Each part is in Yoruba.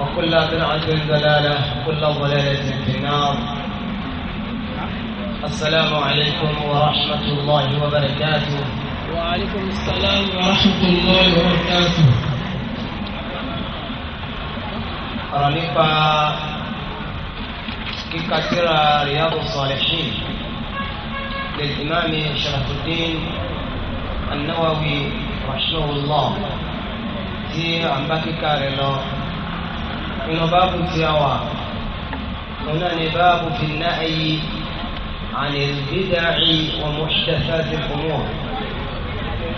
وكل بدعة ضلالة وكل ضلالة في النار السلام عليكم ورحمة الله وبركاته وعليكم السلام ورحمة الله وبركاته رنيفا كثير رياض الصالحين للإمام شرف الدين النووي رحمه الله في أمبكي كارلو nínú báàbù tí a wà òun náà ní báàbù fi nahyi anil bid'i wa muhdathatil umur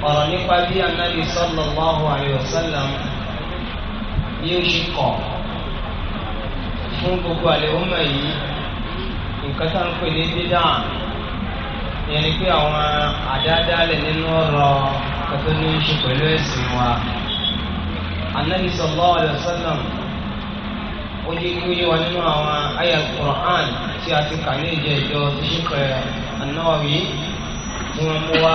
ọ̀rọ̀ nípa bí anábì sallallahu alayhi wa sallam yóò ṣe kọ̀ fún gbogbo àlẹ́wọ́mọ̀ yìí nǹkan tá à ń pè ní dídá ìyẹn ni pé àwọn àdáadáalẹ̀ nínú ọ̀rọ̀ kan ní í ṣe pẹ̀lú ẹ̀sìn wa anábì sallallahu alayhi wa sallam ó yé kí ó yé wa nínú àwọn àyà Qur'an tí a ti kà ní ìjẹ ìjọ ṣíkẹ anáwí tí wọn mú wa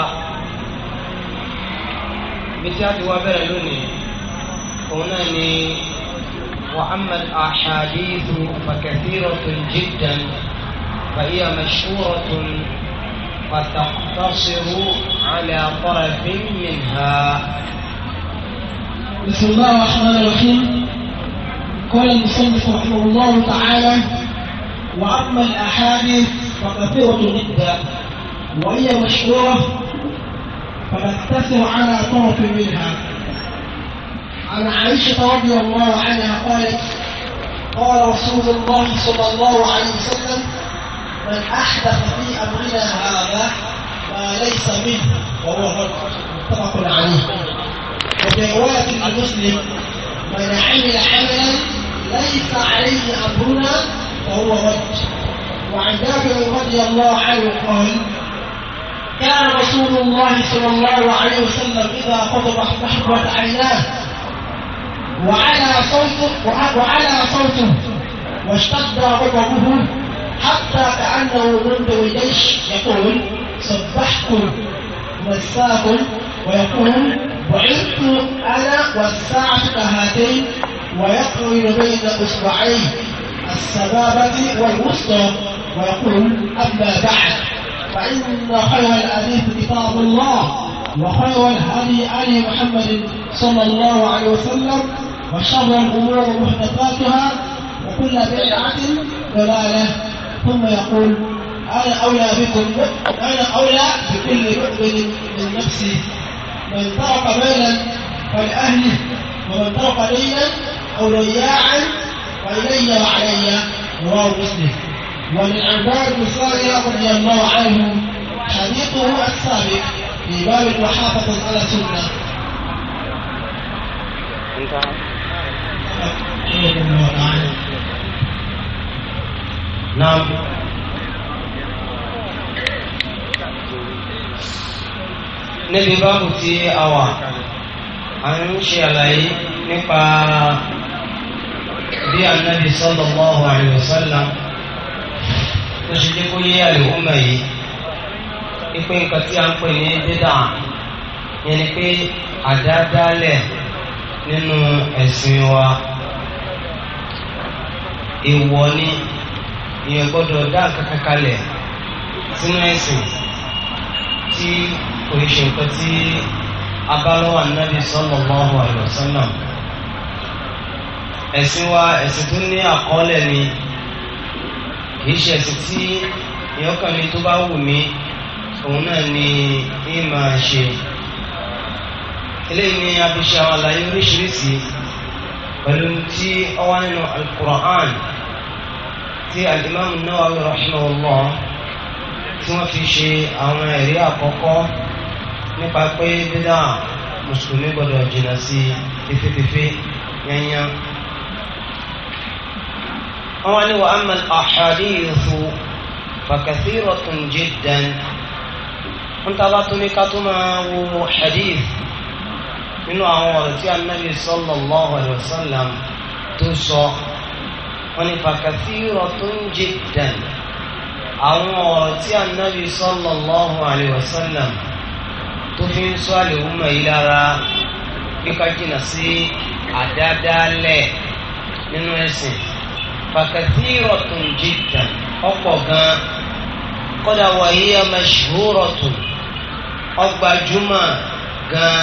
bí tí a ti wá bẹ̀rẹ̀ lónìí òun náà ni وأما الأحاديث فكثيرة جدا فهي مشهورة فتقتصر على طرف منها بسم الله الرحمن الرحيم قال المصنف رحمه الله تعالى وأما الأحاديث فكثيرة جدا وهي مشهورة فنقتصر على طرف منها عن عائشة رضي الله عنها قالت قال رسول الله صلى الله عليه وسلم من أحدث في أمرنا هذا ما ليس منه وهو رد متفق عليه وفي رواية المسلم من عمل عملا ليس عليه أمرنا فهو رد وعن جابر رضي الله عنه قال كان رسول الله صلى الله عليه وسلم إذا خطب احمرت عيناه وعلى صوته وعلى صوته واشتد غضبه حتى كأنه منذ الجيش يقول سبحتم مساكم ويقول بعثت أنا والساعة كهاتين ويخرج بين اصبعيه السبابة والوسطى ويقول أما بعد فإن خير الحديث كتاب الله وخير الهدي علي محمد صلى الله عليه وسلم وشر الأمور محدثاتها وكل بدعة ضلالة ثم يقول أنا أولى بكم أنا أولى بكل مؤمن من نفسي من ترك بينا فلأهله ومن ترك دينا أولياء وإلي وعلي رواه مسلم ومن أنبار بن صالح رضي الله عنه حديثه السابق في باب المحافظة على السنة نعم نبي báàbù tí a à ń ṣe àlàyé nípa bí anabi sallallahu alaihi wasallam tó ṣe dé kó yé àlùmọ̀ yìí ipe nǹkan tí a ń pè ní dídà yẹn ni pé àdádálẹ̀ nínú ẹ̀sìn wa èèwọ̀ ni èèyàn gbọ́dọ̀ dá kankan kalẹ̀ sínú ẹ̀sìn tí kò ṣe nǹkan tí abálọ́wọ́ anábì sallallahu alaihi wasallam ẹ̀sìn wa ẹ̀sìn tó ní àkọọ́lẹ̀ ni kìí ṣe ẹ̀sìn tí ìyọ́kàn mi tó bá wù mí òun náà ni í máa ṣe eléyìí ni a fi ṣe àwọn àlàyé oríṣiríṣi pẹ̀lú tí ó wá nínú al-Qur'an tí al-Imam Nawawi rahimahullah tí wọ́n fi ṣe àwọn ẹ̀rí àkọ́kọ́ nípa pé dídá mùsùlùmí gbọdọ̀ jìnnà sí tẹfẹtẹfẹ yanyan. wọ́n wá ní wa amma al-ahadithu fakathiratun jiddan ń ta bá tún ní ká tó máa wo hadith nínú àwọn ọ̀rọ̀ tí anabi sallallahu alayhi wa sallam tó sọ wọ́n ní fakathiratun jiddan àwọn ọ̀rọ̀ tí anabi sallallahu alayhi wa sallam tó fi ń sọ àlè òun mọ̀ yìí lára kíkọ́ jìnnà sí àdádálẹ̀ nínú ẹ̀sìn pàkàtí ìrọ̀tún jìtà ọ̀pọ̀ gan kọ́dà wàyí ọmọ ìṣòrọ̀tún ọgbàjúmọ̀ gan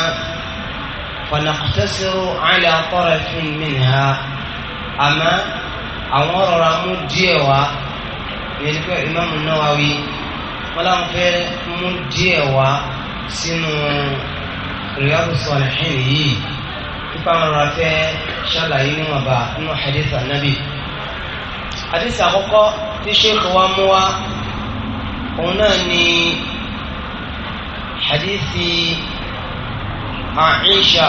fọnàkùtẹ́sẹ̀rọ̀ àlẹ́ akọ́rẹ́ fún mi nìyà àmọ́ àwọn ọ̀rọ̀ ra díẹ̀ wá yẹn ní pé Imam Nawawi wọ́n láwọn fẹ́ mú díẹ̀ wá sínú Riyadu Salihin yìí nípa ara fẹ́ ṣàlàyé níwọ̀nba nínú hadith anabi hadith àkọ́kọ́ tí sheikh wa mú wa òun náà ni hadithi Aisha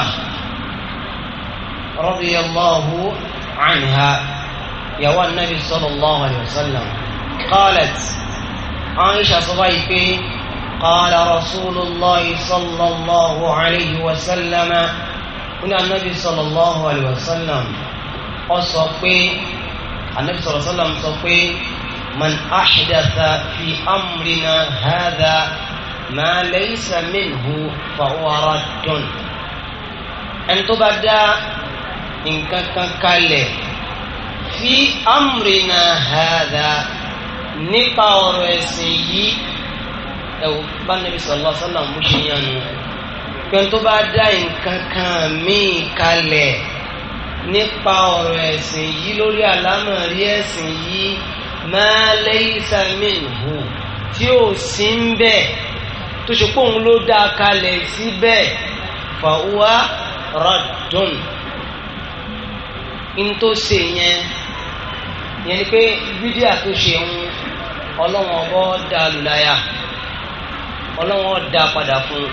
radiyallahu anha ìyàwó anabi sallallahu alayhi wa sallam qalat Aisha sọ báyìí pé. قال رسول الله صلى الله عليه وسلم هنا النبي صلى الله عليه وسلم أصبي النبي صلى الله عليه وسلم صبي من أحدث في أمرنا هذا ما ليس منه فهو رد أن تبدا إن كان كالي في أمرنا هذا نقا ورسيه ẹ̀wò bá nàbí sallallahu alaihi wasallam bó ṣe yànnú pẹ̀lú tó bá dá nǹkan kan míì kalẹ̀ nípa ọ̀rọ̀ ẹ̀sìn yìí lórí àlámọ̀rí ẹ̀sìn yìí ma laysa minhu tí ò sí ń bẹ̀ tó ṣe pé òun ló dá kalẹ̀ síbẹ̀ fa huwa raddun tó ṣe yẹn yẹn ni pé fídíò tó ṣe ń ọlọ́wọ́n ọbọ̀ dá lùláyà ọlọ́wọ́n dá padà fún un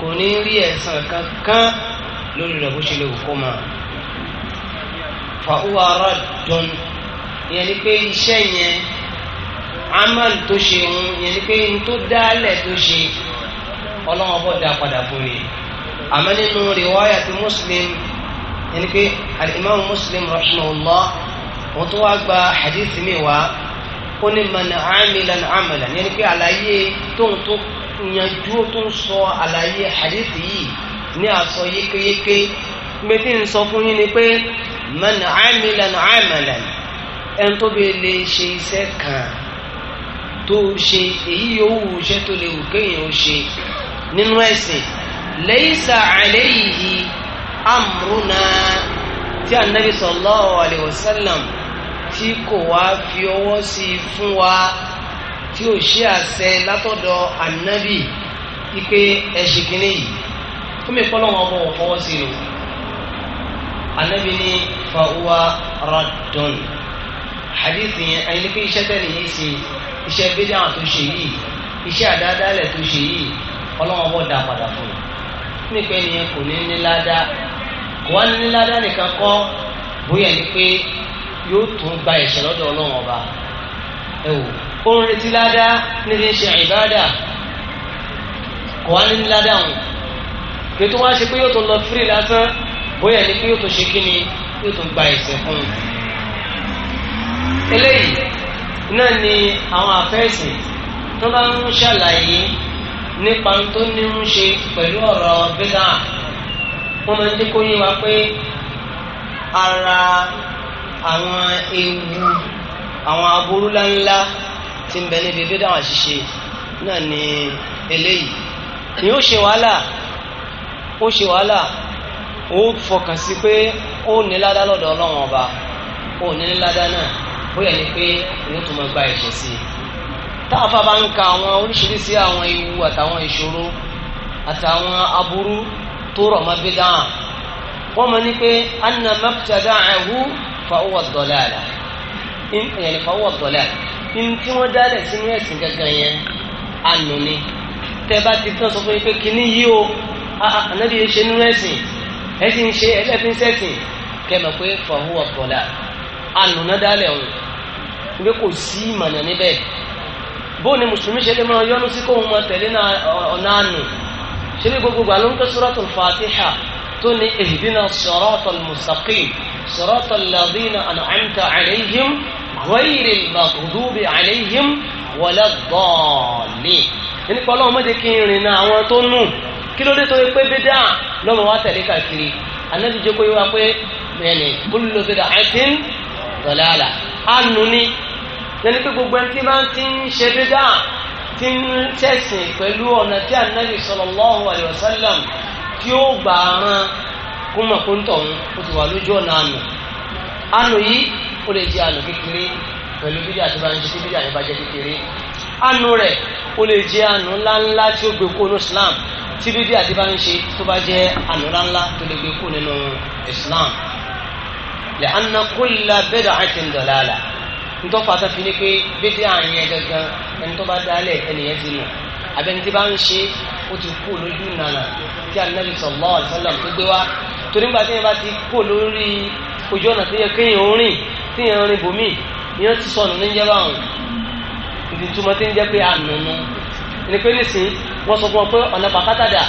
kò ní rí ẹ̀san kankan lórí rẹ̀ bó ṣe lè kó ma fàáwọ́ ara dùn yẹn ni pé iṣẹ́ yẹn amal tó ṣe ń yẹn ni pé n tó dálẹ̀ tó ṣe ọlọ́wọ́n bọ́ dá padà fún mi àmọ́ nínú rìwáyà ti muslim yẹn ni pé alimami muslim rahimahullah wọ́n tó wá gba hadith mi wá ó ní mọ̀nà àmìlàn àmìlàn yẹn ni pé àlàyé tó ń tó yanjú tó ń sọ àlàyé hadithi yìí ní àsọ yékéyéké pé tí ń sọ fún yín ni pé mọ̀nà àmìlàn àmìlàn ẹn tó bẹ lè ṣe iṣẹ́ kan tó ṣe èyí yòówù iṣẹ́ tó lè wù kéèyàn ó ṣe nínú ẹ̀sìn laysa alayhi amruna tí anabi sallallahu alayhi wa sallam tí kò wá fi ọwọ́ sí i fún wa tí ò ṣe àṣẹ látọ̀dọ̀ ànábì ipe ẹ̀ṣìn kìíní yìí fún mi kọ́ lọ́wọ́ ọmọ ọ̀fọwọ́ sí i ànábì ní fahuwa raddun hadith yẹn ẹni ní pé iṣẹ́ tẹ́lẹ̀ yìí ṣe iṣẹ́ bídíà tó ṣe yìí iṣẹ́ àdáadáalẹ̀ tó ṣe yìí ọlọ́wọ́n bọ̀ dá padà fún un nípa ẹnìyẹn kò ní ní ládàá kò wá ní ní ládàá nìkan kọ́ bóyá ni pé yóò tún gba ẹ̀ṣẹ̀ lọ́dọ̀ ọlọ́run ọba ẹ wò ó ń retí ládàá ní ti ń ṣe ìbáàdà kò wá ní ládàá wọn kí tó wá ṣe pé yóò tún lọ fírì lásán bóyá ni pé yóò tún ṣe kí ni yóò tún gba ẹ̀ṣẹ̀ fún un. eléyìí náà ni àwọn àfẹ́sìn tó bá ń ṣàlàyé nípa tó ní ń ṣe pẹ̀lú ọ̀rọ̀ bídà wọ́n máa ń dé kó yé pé ara àwọn ewu àwọn aburú ńláńlá tí ń bẹ níbi bí dáhùn àṣìṣe náà ni eléyìí ni ó ṣe wàhálà ó ṣe wàhálà ó fọkàn sí pé ó ní ládá lọ́dọ̀ ọlọ́run ọba ó ní ládá náà ó yẹ ni pé òun tó máa gba ẹ̀jẹ̀ sí i táàfà bá ń ka àwọn oríṣiríṣi àwọn ewu àtàwọn ìṣòro àtàwọn aburú tó rọ̀ mọ́ bí dáhùn wọ́n mọ̀ ní pé anna mabtada'ahu fàwọ́ dọ̀làlà yẹn fàwọ́ dọ̀làlà ní tí wọ́n dálẹ̀ sínú ẹ̀sìn gangan yẹn ànú ni tẹ́ bá ti tán sọ fún yín pé kíní yìí o ànábì ṣe nínú ẹ̀sìn ẹ̀sìn ṣe ẹlẹ́fin sẹ́sìn kẹ́mọ̀ pé fàwọ́ dọ̀là ni musulmi tó ní ihdina siratal mustaqim siratal ladina an'amta alayhim ghayril maghdubi alayhim waladdallin nípa ọlọ́run mọ́jẹ́ kí n rìnà àwọn tó nù kí ló dé tó yẹ pé bídà lọ́mọ wa tẹ̀lé káàkiri anábì jẹ́ kó yẹ wa pé mẹ́ni kullu bid'atin dalalah àánú ni lẹ́ni pé gbogbo ẹni tí máa ti ń ṣe bídà ti ń tẹ̀sìn pẹ̀lú ọ̀nà tí anábì sallallahu alaihi tí ó gbà rán kó mọ̀ kó ń tọ̀ ń ó ti wà lójú ọ̀nà àná àná yìí ó lè jẹ́ àná kékeré pẹ̀lú bídí àti bá ń ṣe bídí àyẹ̀bá jẹ́ kékeré àná rẹ̀ ó lè jẹ́ àná ńláńlá tí ó gbé kó ní Islam tí bídí àti bá ń ṣe tó bá jẹ́ àná ńláńlá tó lè gbé kó nínú Islam lẹ́hànà kólà bẹ́ẹ̀ àti ńdọ̀làlà ntọ́ fàtà fi ni pé bídí àyẹ̀ gangan ẹni tó bá dálẹ̀ ẹnìyẹn ti nù àbẹ́ni bá ń ṣe ó ti kú lójú nànà tí anabi sallallahu alaihi wasallam tó gbé wá torí nígbà tí yẹn bá ti kú lórí ojú ọ̀nà tí yẹ kéèyàn ń rìn tí yẹn ń rìn bòmíì yẹn ti sọnù ní jẹ́ báwọn ìdí túmọ̀ tí ń jẹ́ pé ànùnú ẹni pé nísìnyí wọ́n sọ fún ọ pé ọ̀nà pàkátàdà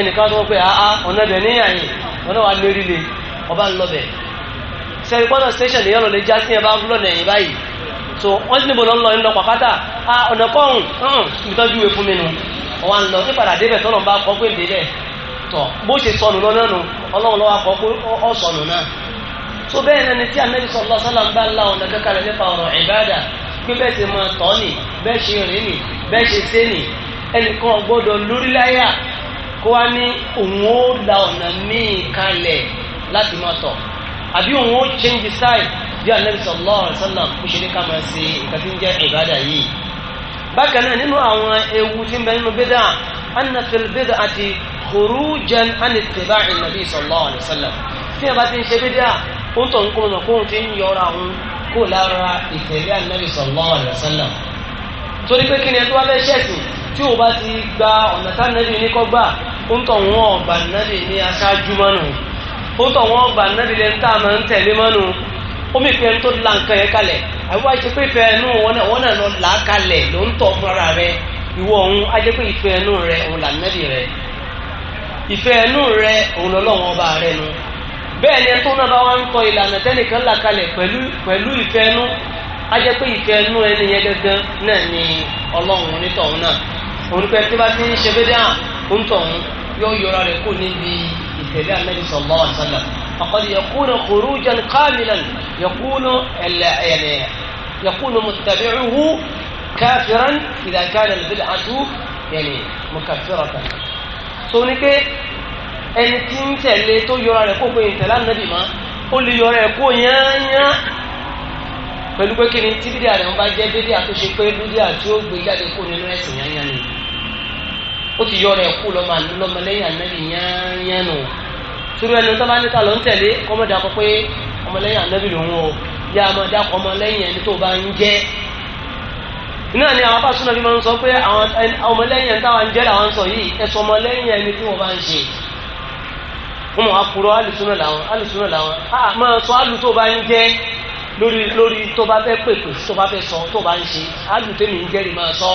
ẹnìkan sọ pé àá ọ̀nà ibẹ̀ níyàyìn ọ̀nà wà lórí le ọba ń lọ bẹ̀ sẹ́yìn pọ́nà station so wọ́n sì níbo lọ́nlọ́ ń lọ pàkátà a ọ̀nà kọ́hùn ọ̀hún ìtọ́jú ìwé fún mi nù wọ́n lọ ní padà débẹ̀ tọ́lọ̀ bá kọ́ pé débẹ̀ tọ̀ bó ṣe sọnù lọ́nà nù ọlọ́run lọ́wọ́ kọ́ pé ọ sọnù náà so bẹ́ẹ̀ náà ni tí anabi sọ̀rọ̀ lọ́sọ́lá ń bá la ọ̀nà kẹ́kẹ́rẹ́ nípa ọ̀rọ̀ ìbáàdà pé bẹ́ẹ̀ ṣe máa tọ́ ni bẹ́ẹ̀ ṣe rìn ni bẹ́ẹ̀ ṣe sé ni ẹnìkan gbọ́dọ̀ lóríláyà kó wá ní òun ó la ọ̀nà míì kalẹ̀ láti máa tọ̀ àbí òun ó change style bí anabi sallallahu alayhi wa sallam kó ṣe ní ká máa ṣe nǹkan tí ń jẹ́ ìbádà yìí bákan náà nínú àwọn ewu tí ń bẹ nínú bídà anna fil bid'ati khurujan an ittiba'i nabi sallallahu alayhi wa sallam tí a bá ti ń ṣe bídà ó ń tọ̀ ń kó mọ̀ kó ń ti ń yọra òun kó lára ìtẹ̀lé anabi sallallahu alayhi wa sallam torí pé kí ni ẹni tó bá tí o bá ti gba ọ̀nà tá nàbì ní kọ́ gbà ó ń tọ̀ wọ́n ó tọ̀ wọ́n bà nábì lẹ́nu tá a máa ń tẹ̀lé mọ́nu ó mì pé ń tó la nǹkan yẹn kalẹ̀ àbúrò àti pé ìfẹ́ ẹnu wọn náà lọ là á kalẹ̀ ló ń tọ̀ fúnra rẹ ìwọ ọ̀hún á jẹ́ pé ìfẹ́ ẹnu rẹ òun là nábì rẹ ìfẹ́ ẹnu rẹ òun lọ́lọ́wọ́n ọba rẹ nu bẹ́ẹ̀ ni ẹtọ́ náà bá wá ń tọ ìlànà tẹ́nìkan là kalẹ̀ pẹ̀lú ìfẹ́ ẹnu á pé ìfẹ́ ẹnu ẹni yẹn gangan náà ni ọlọ́run onítọ̀hún náà òun pẹ́ tí bá ti ń ṣe bẹ́ẹ̀ dáhùn òun tọ̀hún yóò yọra rẹ̀ kó níbi tẹ̀lé anabi sallallahu alaihi wasallam faqad yakunu khurujan kamilan yakunu ẹ̀lẹ́ yakunu muttabi'uhu kafiran idha kana al-bid'atu yani mukaffiratan. tó ní pé ẹni tí ń tẹ̀lé tó yọra rẹ̀ kó pé ìtẹ̀lé anabi ma ó lè yọra ẹ̀ kó yányá pẹ̀lú pé kí ni tí bídíà rẹ̀ bá jẹ́ bídíà tó pé bídíà tí ó gbé jáde kó nínú ẹ̀sìn yányá nìyí ó ti yọ rẹ̀ kú lọ́mọ àlú lọ́mọ lẹ́yìn ànábì yányán nù sórí ẹni tó bá ní ká ló ń tẹ̀lé kọ́mọdé akọ́pẹ́ ọmọlẹ́yìn ànábì lòun o yá a máa dákọ̀ ọmọlẹ́yìn ẹni tó bá ń jẹ́ náà ni àwọn afásúná fi máa ń sọ pé àwọn ọmọlẹ́yìn ẹni táwọn ń jẹ́ làwọn ń sọ yìí ẹ̀sùn ọmọlẹ́yìn ẹni tí wọ́n bá ń ṣe wọ́n mọ̀ akúrọ̀ alùsúná làwọn alùsúná làwọn a máa sọ alù tó bá ń jẹ́ lórí lórí tó bá fẹ́ pèpè tó bá fẹ́ sọ tó bá ń ṣe alù tèmi ń jẹ́rìí máa sọ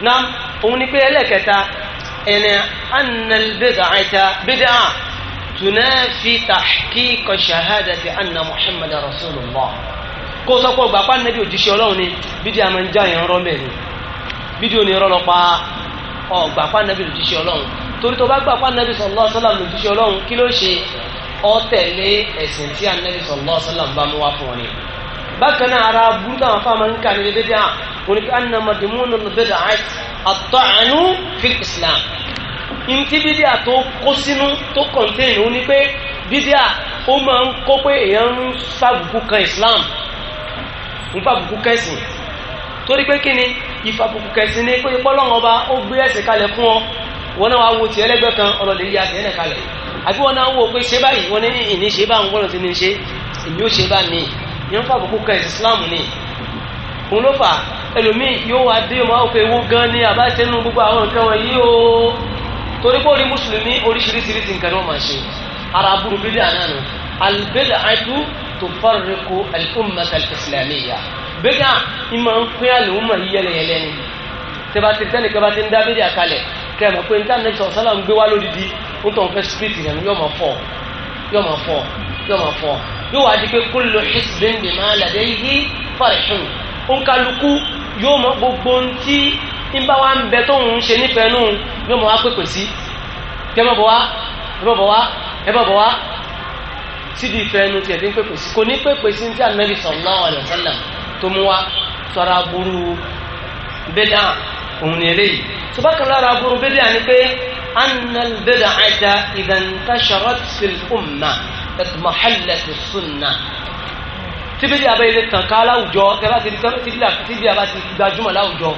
náà òun ni pé ẹlẹ́kẹta ẹ̀nà annalbidàáta bidàá tunafi tahqiqa shahadati anna muhammad rasulullah kó sọ pé ọgbà pàdé nàbí òjíṣẹ́ ọlọ́run ni bídíà máa ń já yẹn rọ́ mẹ́rin bídíò ni rọ́lọ́ pa ọgbà pàdé nàbí òjíṣẹ́ ọlọ́run torí tó bá gbà pàdé nàbí sallallahu alaihi wasallam òjíṣẹ́ ọlọ́run kí ló ṣe ó tẹ̀lé tí ànábì sallallahu alaihi bá mú wá fún ọ ni bákan náà ara burú táwọn fáwọn ń kà ní ilé bídíà oníkà ń na mọ̀dìmúnú bídíà àtọ̀ànú fi islam ntí bídíà tó kó sínú tó kọ̀ntẹ́nì ó ní pé bídíà ó máa ń kó pé èèyàn ń fàbùkù kan islam ń fàbùkù kẹsìn torí pé kí ni ìfàbùkù kẹsìn ni pé pọ́lọ́wọ́n ọba ó gbé ẹ̀sìn kalẹ̀ fún ọ wọn náà wàá wo tiẹ̀ lẹ́gbẹ̀ẹ́ kan ọlọ́lẹ̀ yíya tiẹ̀ náà àbí wọn náà wò pé ṣé báyìí wọn ní ìní ṣe báwọn gbọ́dọ̀ ti ní ṣe ìní ó ṣe bá mi yẹn ń fa àbùkù kan Islam ni òun ló fà ẹlòmíì yóò wá dé wọn òkè ewu gan ni àbáṣe nínú gbogbo àwọn nǹkan wọn yìí o torí pé orí mùsùlùmí oríṣiríṣiríṣi nǹkan ni wọn máa ṣe ara aburú bídíà náà nù albẹ́dà àìtú tó fárẹ́kọ al-ummata al-islamiyya bẹ́dà ìmọ̀ ń pín àlùmọ̀ yìí yẹlẹyẹlẹ ni tẹ́bà tí tẹ́nìkan bá ti ń dá bídíà kalẹ̀ kẹ́ẹ̀mọ̀ pé ní tàbí sọ̀sálà ń gbé tí wọ́n fọ́ yóò wá di pé kullu hizbin bima ladayhi farihun òǹkàlùkù yóò mọ gbogbo ohun tí ń bá wa ń bẹ tó ń ṣe nífẹ̀ẹ́ nù yóò mọ wá pèpè sí kí ẹ má bọ̀ ẹ má bọ̀ wá ẹ má bọ̀ wá síbi ìfẹ́ ẹnu tiẹ̀ tí ń pèpè sí kò ní pèpè sí ti ànábì sallallahu alaihi wasallam tó mú wa sọ̀rọ̀ aburú bẹ́dà òun ni eléyìí tó bá kàlọ́ ara ni pé annal bẹ́dà àìta idha intasharat fil ummah ẹtùmọ̀hálẹ̀tù súnà tíbílì abẹ́lé tànká láwùjọ tẹ́lá ti di tíbílì abá ti gbajúmọ̀ láwùjọ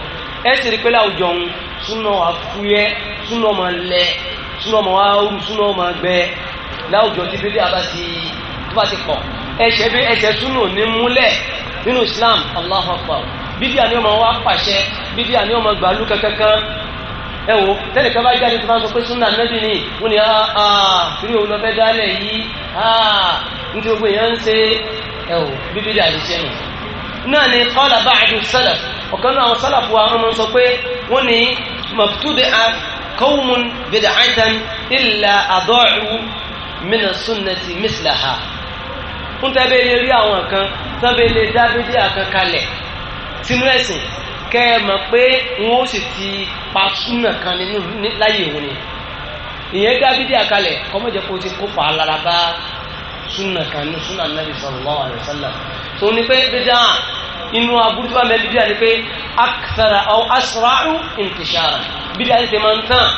ẹ sì rí pé láwùjọ ń súnà wà fúyẹ́ súnà ọmọ lẹ súnà ọmọ wa rú súnà ọmọ gbẹ láwùjọ tíbílì abá ti tó bá ti pọ̀ ẹsẹ̀ bí ẹsẹ̀ súnà ní múlẹ̀ nínú Islam Allahu Akbar bíbí àní ọmọ wa pàṣẹ bíbí àní ọmọ gbàlú kankan ẹ wo tẹ́lẹ̀ kan bá jáde tó bá sọ pé súnà nẹ́bí ni wọ́n ní ah, ah, kiri òun lọ fẹ́ dálẹ̀ yìí ah, ní tí gbogbo èèyàn ń ṣe ẹ wo bíbí dà ní sẹ́nu. náà ni qala ba'du salaf ọ̀kan náà àwọn salaf wa wọ́n máa ń sọ pé wọ́n ní mọ̀túbẹ̀ qawmun bid'atan illa ada'u min sunnati mislaha. ń tẹ́ bẹ́ẹ̀ lè rí àwọn kan tán bẹ́ẹ̀ lè sínú ẹ̀sìn kẹ́ ẹ mọ̀ pé wọ́n sì ti pa súnà kan nínú láyé òun ni ìyẹn dá bídí àkàlẹ̀ kọ́mọ̀jẹ́ kó ti kópa lára bá súnà kan ní súnà nàbì sallallahu alaihi wasallam tó ní pé bídá inú aburú tó bá mẹ́ bídá ni pé akthara aw asra'u intishara bídá ti máa ń tàn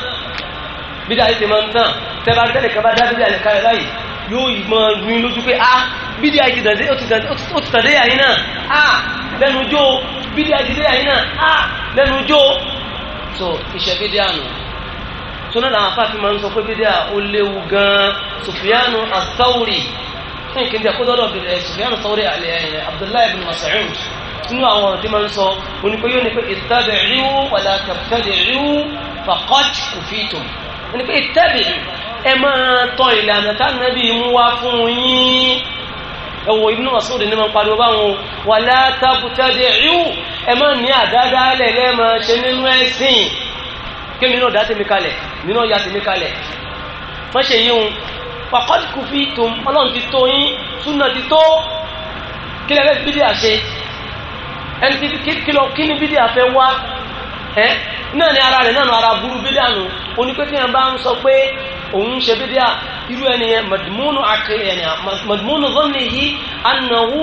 bídá ti máa ń tàn tẹ́lá tẹ́lẹ̀ kan bá dá bídá ní kárẹ̀ báyìí yóò mọ rin lójú pé ah bídí àti dàdé ó ti tàdé yàyín náà ah lẹ́nu jó bídí àti dàdé yàyín náà ah lẹ́nu jó so iṣẹ́ bídíà nù sọ́nà làwọn afáàfin máa ń sọ pé bídíà ó léwu gan-an Sufyanu as-Sawri fún ìkéde àkójọ́dọ̀ bẹ̀rẹ̀ eh, Sufyanu as-Sawri eh, eh, Abdullahi bin Mas'ud nínú àwọn ọ̀rọ̀ máa ń sọ onípe yóò ní pé ittabi'u wala tabtadi'u faqad kufitum onípe ittabi'u ẹ máa tọ ìlànà tá ẹ̀wọ̀n Ibn Mas'ud ní máa ń pariwo báwọn wà látàkùtàdé ríù ẹ má ní àdáadá lẹ́lẹ́ máa ṣe nínú ẹ̀sìn kémi náà dá tèmi kalẹ̀ mi náà ya tèmi kalẹ̀ má ṣe yí òun faqad kufitum ọlọ́run ti tó yín súnà ti tó kílẹ̀ bídíà ṣe ẹni kí ni bídíà fẹ́ wá ẹ́ náà ni ara rẹ̀ náà ara burú bídíà nù onípẹ́tì yẹn bá ń sọ pé òun ṣe bídíà irú ẹni yẹn madmunu àkèrè ẹni madmunu zọ́nì yìí annahu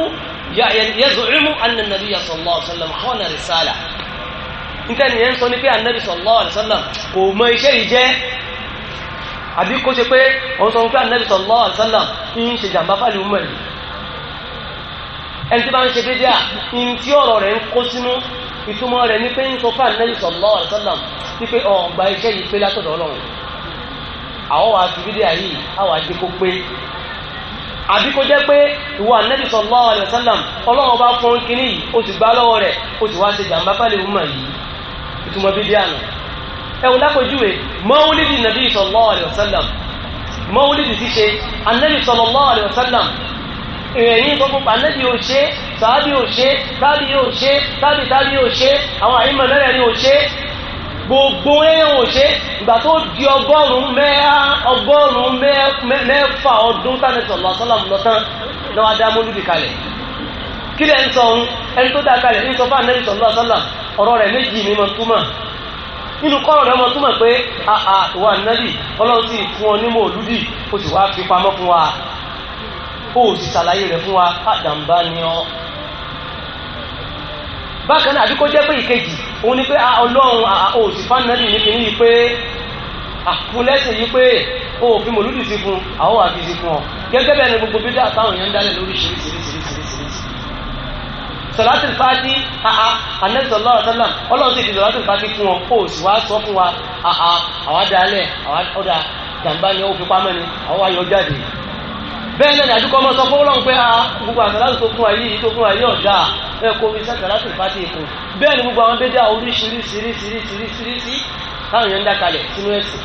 yazuimu anna nabiyya sallallahu alaihi wasallam khana risala níta ni yẹn sọ ni pé anabi sallallahu alaihi kò mọ iṣẹ́ yìí jẹ́ àbí kó ṣe pé òun sọ pé anabi sallallahu ń ṣe jàǹbá fáliwúmọ̀ ẹni tí bá ń ṣe dédé à ń tí ọ̀rọ̀ rẹ̀ ń kó sínú ìtumọ̀ rẹ̀ ní pé ń sọ fún ànábì sallallahu alaihi wasallam ní pé ọ̀gbà iṣẹ́ yìí pé látọ̀dọ̀ ọlọ́run àwọn wàá fi bídé àyè àwọn àjẹ kó pé àbí kó jẹ́ pé ìwọ ànábì sallallahu alaihi wasallam ọlọ́run bá fún kínní yìí ó sì gbá lọ́wọ́ rẹ̀ ó sì wá ṣe jàǹbá fálẹ̀ ìwúmọ̀ yìí ìtumọ̀ sallallahu alaihi wasallam mọ́wúlídì ṣíṣe ànábì sallallahu alaihi wasallam èèyàn yìí tó kópa nẹ́bí ò ṣe sàábì ò ṣe tábì ò ṣe tábì tábì ò ṣe àwọn àyínmọ̀ mẹ́rẹ̀ ni ò ṣe gbogbo ẹ̀yàn ò ṣe ìgbà tó di ọgọ́rùn-ún mẹ́à ọgọ́rùn-ún mẹ́fà ọdún tánẹ̀tọ̀ lọ́sọ́làmù lọ́tán lọ́wọ́ adámọ́lùdì kalẹ̀ kí lẹ́ ń sọ ohun ẹni tó dá kalẹ̀ ní sọ fún ànẹ́bí sọ̀lọ́ sọ́là ọ̀rọ̀ rẹ̀ méjì ní mọ̀ túmọ̀ nínú kọ́rọ̀ rẹ̀ mọ̀ túmọ̀ pé àà ìwà ànẹ́bí ọlọ́run sì fún ọ ní mòlúdì ó sì wá fi pamọ́ fún wa ó sì ṣàlàyé rẹ̀ fún wa kàdàmbá ni ọ́ bákan náà àbí kó jẹ́ pé ìkejì òun ni pé ah, ọlọ́run ah, ah, òsì fánàlì ní kìíní yìí pé àkúlẹ́sìn yìí pé òfin mòlúdì sí fún àwọn àfisí fún ọ gẹ́gẹ́ bẹ́ẹ̀ ni gbogbo bídà táwọn èèyàn ń dálẹ̀ lóríṣiríṣiríṣiríṣiríṣiríṣi. sọláàtì fati àhà anẹ́sọ̀lá ọ̀sánlá ọlọ́run sì fi sọláàtì fati fún ọ kó o sì wá sọ fún wa àhà àwa dálẹ̀ àwa ọ̀dà jàǹbá ni ó fi pamẹ́ ni àwa yọ jáde bẹ́ẹ̀ náà ni àdúgbò ọmọ sọ fún ọlọ́run pé ah, gbogbo àtàlátì tó fún ayé tó fún ayé ọ̀dà ẹ kó omi sàtàlátì ìfàtì èkó bẹ́ẹ̀ ni gbogbo àwọn bẹ́ẹ̀ dá oríṣiríṣiríṣiríṣiríṣi táwọn èèyàn ń dá kalẹ̀ sínú ẹ̀sìn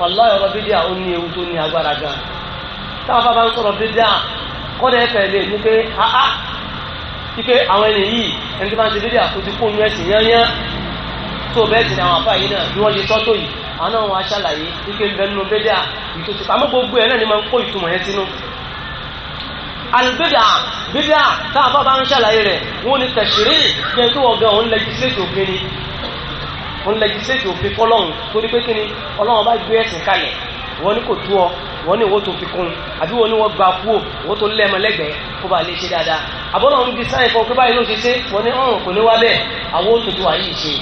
wàláyé ọ̀rọ̀ bídíà ó ní ewu tó ní agbára gan táwọn bá ń sọ̀rọ̀ bídíà kọ́dà ẹ̀fẹ̀ lè ní pé haha ah, wípé àwọn ẹni yìí ẹni tó bá ń ṣe bídíà kó ti kó nu ẹ̀sìn ni àwọn àwọn náà wọn aṣàlàyé wípé ń bẹ nínú bídíà ètò ti pamọ́ gbogbo ẹ̀ náà ni máa ń kó ìtumọ̀ yẹn sínú. àlùbídà bídíà táwọn bá bá ń ṣàlàyé rẹ̀ wọ́n ní tẹ̀sírí bẹ́ẹ̀ tó wọ́n gan òun lẹ́gísẹ́tì òfin ni òun lẹ́gísẹ́tì òfin fọlọ́run torí pé kíni ọlọ́run bá gbé ẹ̀sìn kalẹ̀ wọ́n ní kò tú ọ wọ́n ní owó tó fi kún àbí wọ́n ní wọ́n gba kú owó tó lẹ́ẹ̀mọ́ lẹ́gbẹ̀ẹ́ kó ba lè ṣe dáadáa àbọ̀lọ́run bí sáyẹ̀fọ́ pé báyìí ló ṣe ṣe wọ́n ní ọ̀rùn kò ní wá àwọn òtútù àyè ṣe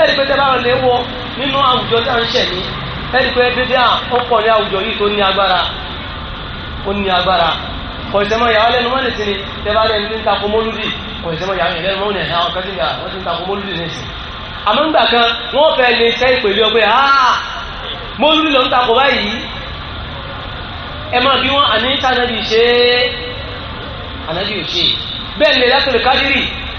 ẹ̀rí pé tẹ́lá lè wọ nínú àwùjọ tí a ń ṣẹ̀ ní ẹ̀rí pé dédé à ó pọ̀ ní àwùjọ yìí tó ní agbára ó ní agbára kò ìsẹ́mọ̀ yàrá lẹ́nu mọ́ nìsín ni tẹ́lá lẹ́nu ní takò mólúdì kò ìsẹ́mọ̀ yàrá lẹ́nu mọ́ nìyà àwọn kan ti gbà wọ́n ti ń takò mólúdì nìsín. àmọ́ ńgbà kan wọ́n fẹ́ lè sẹ́ ìpèlè ọgbẹ́ ha mólúdì ló ń takò báyìí ẹ máa bí wọ́n àní tànàbì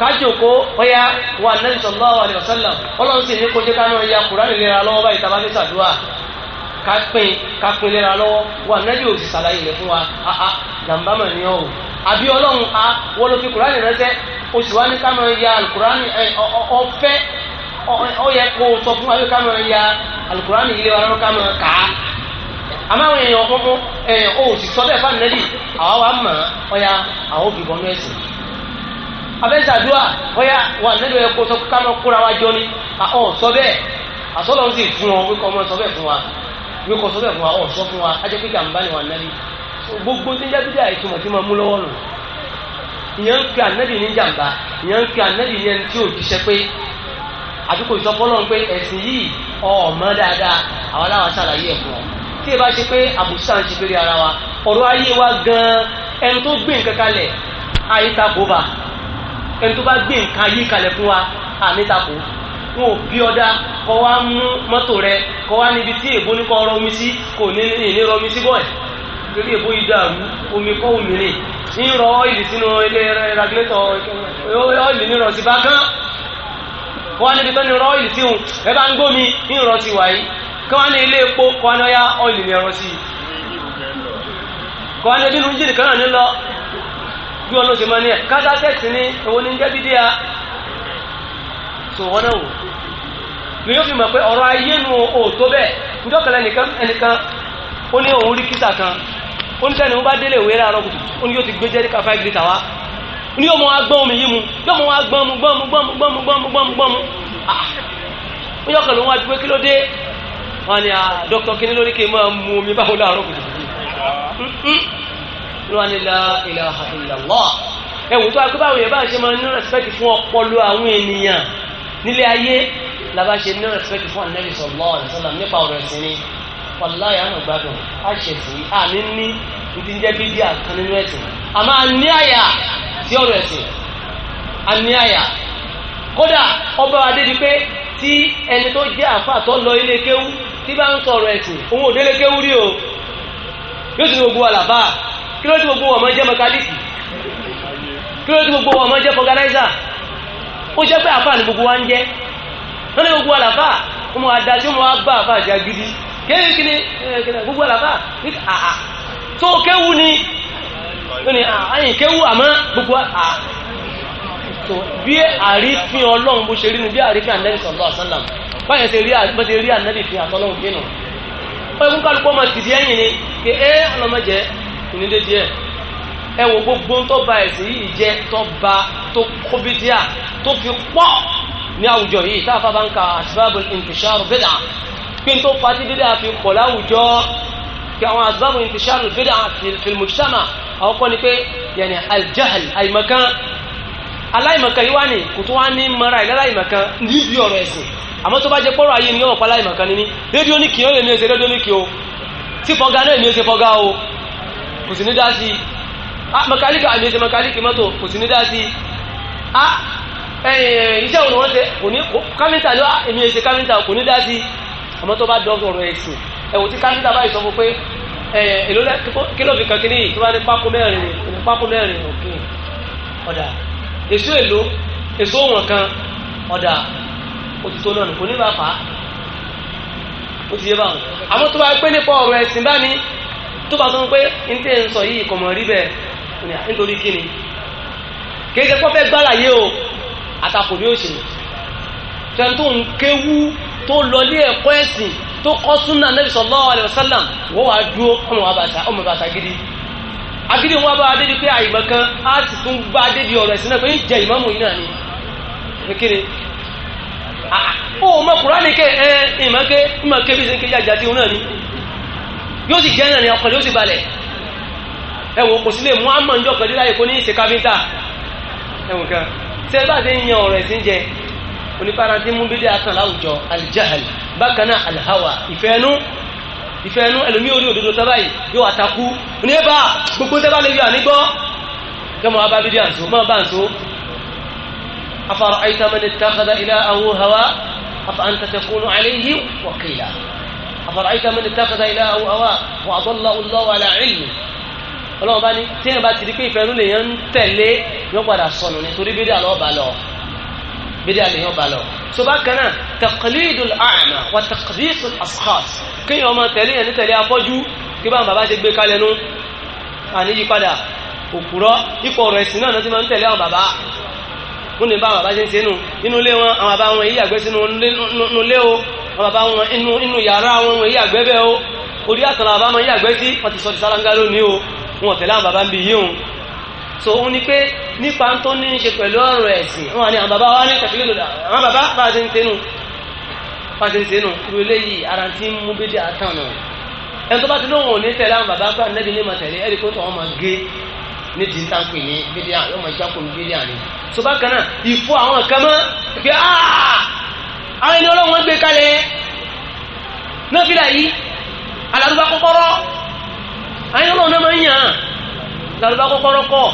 kájòkó ọ̀yà wà nẹ́bí sallallahu alaihi wasallam ọlọ́run sì ní kojú kánú ẹ̀yà kùránì lera lọ́wọ́ báyìí tá a bá fi ṣàdúrà kápín lera lọ́wọ́ wà fún wa àá jàǹbá ní àbí ọlọ́run a fi sẹ́ oṣù wa ní kánú ẹ̀yà kùránì ọ̀fẹ́ ọ̀yẹ kó sọ fún wa pé kánú ẹ̀yà alukurani ilé wa lọ́rọ́ kánú ká amáwọn èèyàn ọ̀hún ẹ̀yàn ó sì sọ fáwọn nẹ́bí àwa wa abẹ́sàdúrà bóyá wà nílò ẹ̀kọ́ sọ ká mọ́ kóra wá jọ ni ọ̀ sọ bẹ́ẹ̀ àsọ̀lọ́ ń sì fún ọ wíkọ́ ọmọ sọ bẹ́ẹ̀ fún wa wíkọ́ sọ bẹ́ẹ̀ fún wa ọ̀ sọ fún wa ajẹ́ pé jàǹbá ni wà nábì gbogbo tí ń jẹ́ bídà ìtumọ̀ tí máa mú lọ́wọ́ nù ìyẹn ń pe ànábì ní jàǹbá ìyẹn ń pe ànábì ní ẹni tí ò jíṣẹ́ pé àdúgbò ìsọfọ́nà pé ẹ̀sìn yìí ọ̀ọ́mọ dáadáa àwọn aláwọ̀ ṣàlàyé ẹ̀fọ́ tí ẹ bá ṣe pé àbùsà ń ṣe péré ara wa ọ̀rọ̀ ayé wa gan ẹni tó gbé nǹkan kalẹ̀ ayé ta ẹni tó bá gbé nǹkan ayé kalẹ̀ fún wa àní tako wọn ò bí ọdá kọ wá mú mọ́tò rẹ kọ wá níbi tí èbó ní kọ́ rọmi sí kò ní ìní rọmi sí bọ́ẹ̀ torí èbó yìí dàrú omi kọ́ omi rè ń rọ ọ́ìlì sínú ilé ragilétọ̀ ọ́ìlì ní rọ̀ sí bá kán kọ́ wá níbi tó ní rọ ọ́ìlì sí ẹ bá ń gbómi ń rọ ti wáyé kọ́ wá ní ilé epo kọ́ wá ní ọyá ọ́ìlì ní ẹ̀rọ sí i kọ́ wá ní ẹbí nu jíìnì náà ní lọ bí wọn ló ṣe máa ní ẹ̀ kásátẹ́ẹ̀tì ní èwo ní jẹ́ bídíà sòwọ́n náà wò ni yóò fi mọ̀ pé ọ̀rọ̀ ayé nu ò tó bẹ́ẹ̀ ìjọkẹ̀lẹ̀ ẹnìkan ó ní òun rí kíta kan ó ní sẹ́ni ó bá délé ìwé láàárọ̀ kùtù ó ní yóò ti gbé jẹ́ríkà five litre wá ó ní yóò mọ agbọ́n omi yìí mu yóò mọ agbọ́n mu gbọ́n mu gbọ́n mu gbọ́n mu gbọ́n mu gbọ́n mu gbọ́n mu ah! ó yọkẹ̀lẹ̀ òun kí ló dé wọn ah, ni dókítà kí lórí kí n máa mu omi báwo láàárọ̀ kùtù hmm, hmm lọ́nìlá ilaha illallah ẹ̀wù tó akọ́ báwọn yorùbá ṣe máa ní rẹ́spẹ́kì fún ọpọlọ àwọn ènìyàn nílé ayé làbá ṣe ní rẹ́spẹ́kì fún anabi sallallahu alaihi wasallam nípa ọ̀rọ̀ ẹ̀sìn ni wàláyà àwọn ìgbádùn àṣẹ̀sì àní ní ibi ń jẹ́ bíbí àkan nínú ẹ̀sìn àmọ́ àní àyà sí ọ̀rọ̀ ẹ̀sìn àní àyà kódà ọba adé di pé tí ẹni tó jẹ́ àfa tó lọ ilé kéwú tí bá ń sọ̀rọ̀ ẹ̀sìn òun ò délé kéwú rí o yóò ti ní gbogbo àlàbà kí ló ti gbogbo wọn máa jẹ́ mẹkáníìkì kí ló ti gbogbo wọn máa jẹ́ fọgánáìzà ó jẹ́ pé àfáà ni gbogbo wa ń jẹ́ wọ́n ní gbogbo àlàfà ó mọ adájọ́ mọ àfáà jẹ́ agídí kéèkéé gbogbo àlàfà tó kéwu ni ó ní àyìn kéwu àmọ́ gbogbo àà tó bí àrífin ọlọ́run bó ṣe rí nu bí àrífin ànẹ́bí sallallahu alaihi wasallam báyẹn ṣe rí ànẹ́bí fi àtọ́lọ́run ní dédé ẹ̀ ẹ wo gbogbo tó ba ẹ̀sìn yìí jẹ́ tó ba tó kóbídíà tó fi pọ̀ ní àwùjọ yìí tá a fa bá ń ka asbabul intishar bid'a pé tó pati bid'a fi pọ̀ láwùjọ kí àwọn asbabul intishar bid'a fil mujtama àwọn kọ́ ni pé yẹnì aljahl àyìmọ̀kan aláìmọ̀kan yìí wá ní kò tó wá ní mọ́ra ìlẹ́láìmọ̀kan níbi ọ̀rọ̀ ẹ̀sìn àmọ́ tó bá jẹ́ pọ́rọ̀ ayé ni yóò pa láìmọ̀kan níní rédíò ní kí kò sì ní dá sí ah, mẹkáníkì àmì ẹsẹ mẹkáníkì mọ́tò kò sì ní dá sí ah, iṣẹ́ òun wọ́n ṣe kò ní kámẹ́ntà ló èmi ẹsẹ kámẹ́ntà kò ní dá sí àmọ́ tó bá dọ́gbọ̀n ọ̀rọ̀ ẹ̀sìn ẹ̀wọ̀n tí kámẹ́ntà báyìí sọ fún pé èlò kílọ̀fì kankiri tó bá ní pákó mẹ́rin ní pákó mẹ́rin òkè ọ̀dà èso èlò èso wọn kan ọ̀dà òtítọ́ náà kò ní bá fà á ó ti yé báwọn àmọ́ tó bá pé nípa ọ̀rọ̀ ẹ̀sìn bá tó bá sọ pé n tẹ́ ń sọ yìí kò mọ̀ rí bẹ́ẹ̀ nítorí kí ni kéèké pọ́fẹ́ gbálàyé o àtakò ní òṣèlú tẹ́ni tó ń kéwú tó lọlé ẹ̀kọ́ ẹ̀sìn tó kọ́ súnà Nabi sallallahu alaihi wasallam wọ́n wá dúró ọmọ àbàṣà ọmọ àbàṣà gidi agídí wọn bá adé di pé àyìnbọn kan á sì tún bá adé di ọ̀rọ̀ ẹ̀sìn náà pé ń jẹ ìmáàmù yìí náà ni kékeré ó mọ Kùránì kẹ ẹ ìmọ̀ké ìmọ̀ké bí sẹ́ńké jáde àti òun náà ni yóò sì jẹ́ náà ní ọkọ̀ yóò sì balẹ̀ ẹ wò kò sí lè mú àmọ́ ìjọ pẹ̀lú láyé kó ní ìṣe káfíńtà ẹ wò kàn ṣé bá ti ń yan ọ̀rọ̀ ẹ̀sìn jẹ onífàrà ti mú bídé àtàn láwùjọ alijahal bákan náà alhawa ìfẹ́nu ìfẹ́nu ẹlòmí orí òdodo tọ́ báyìí yóò àtakú ní ẹ bá gbogbo tẹ́ bá abá bídé àǹso mọ́ bá àǹso afárá àyíká mẹ́ni tákàdá ilá àwọn hawa afa àǹtàtẹ̀kùnú àlẹ́ yìí wọ̀kìlá أفرأيت من اتخذ إلهه هواه وأضله الله على علم ọlọ́run bá ní tí èèyàn bá ti di pé ìfẹ́ lónìí yẹn ń tẹ̀lé yóò padà sọnù ni torí bídíà lọ́ọ́ bá lọ bídíà lè yóò bá lọ. so bákan náà taqlidul a'ma wa taqdisul ashas kéèyàn ọmọ tẹ̀lé yẹn ní tẹ̀lé afọ́jú kí báwọn bàbá ṣe gbé kalẹ̀ nu àníyí padà òkúrọ́ ipò ọ̀rọ̀ ẹ̀sìn náà ti máa ń tẹ̀lé àwọn bàbá wọ́n ní bá àwọn bàbá ṣe ń ṣe nù inú ilé wọn àwọn bàbá wọn èyí àgbẹ̀ sínú ilé o àwọn bàbá wọn inú yàrá wọn èyí àgbẹ̀ bẹ́ẹ̀ o orí àtàlà bàbá èyí àgbẹ̀ sí wọ́n ti sọ ti sálángá lónìí o wọn tẹ̀lé àwọn bàbá ń bi yí so òun ni pé nípa tó ní í ṣe pẹ̀lú ọ̀rọ̀ ẹ̀sìn wọn ni àwọn bàbá wa ní kàkiri lòdà àwọn bàbá bá a ṣe ń tẹnu bá a ṣe ń tẹnu irú ní ti ń tán pè ní bídíà yóò mọ ìjákò ní bídíà ni so bákan náà ìfọ àwọn kan mọ́ pé àwọn ẹni ọlọ́run gbé kalẹ̀ náà fi dà yìí alárúbá kọ́kọ́rọ́ àwọn ẹni ọlọ́run náà máa ń yàn án lárúbá kọ́kọ́rọ́ kọ́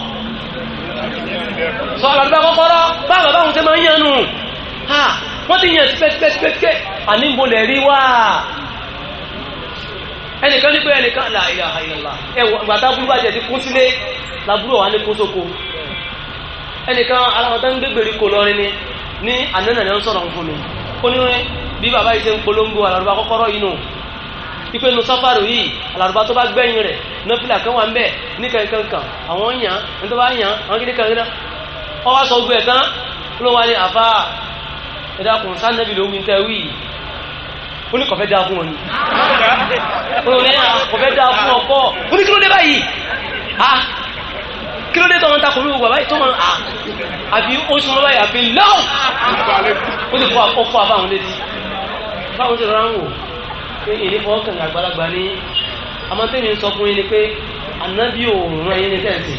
sọ lárúbá kọ́kọ́rọ́ báwa báwọn tẹ máa ń yàn nù wọ́n ti yàn tipẹ́tipẹ́tipẹ́ àníbọ̀lẹ̀ rí wá ẹnìkan ní pé ẹnìkan là ilaha illallah ẹwọ ìgbàtà burú bàjẹ́ ti kún sílé làbúrò wà ní kún sóko ẹnìkan aláwọ̀ tó ń gbégbèrè kò lọrin ni ní ànánà ni ó ń sọ̀rọ̀ fún mi ó ní bí bàbá yìí ṣe ń polongo alárùbá kọ́kọ́rọ́ yìí nù ipe nu kan wà ń bẹ̀ ní kankankan kan kéde ọ wá sọ gbẹ̀ tán ló wà ní àfa ó ní kọ̀fẹ́ dáa fún ọ ni olùlẹ́yà kọ̀fẹ́ dáa fún ọkọ ó ní kí ló dé báyìí ah kí ló dé tọ́ wọn ta kòlú gbogbo àbáyé tó wọn ah àbí ó súnmọ́ báyìí àbí lọ́wọ́ ó ti fọ́ ọkọ̀ àbáwọn létí báwọn ti rọra wò pé èdè fọwọ́ kàn àgbàlagbà ní amọ́tẹ́ni sọ fún yín ni pé ànábì òòrùn ẹ̀yìn ní tẹ̀sí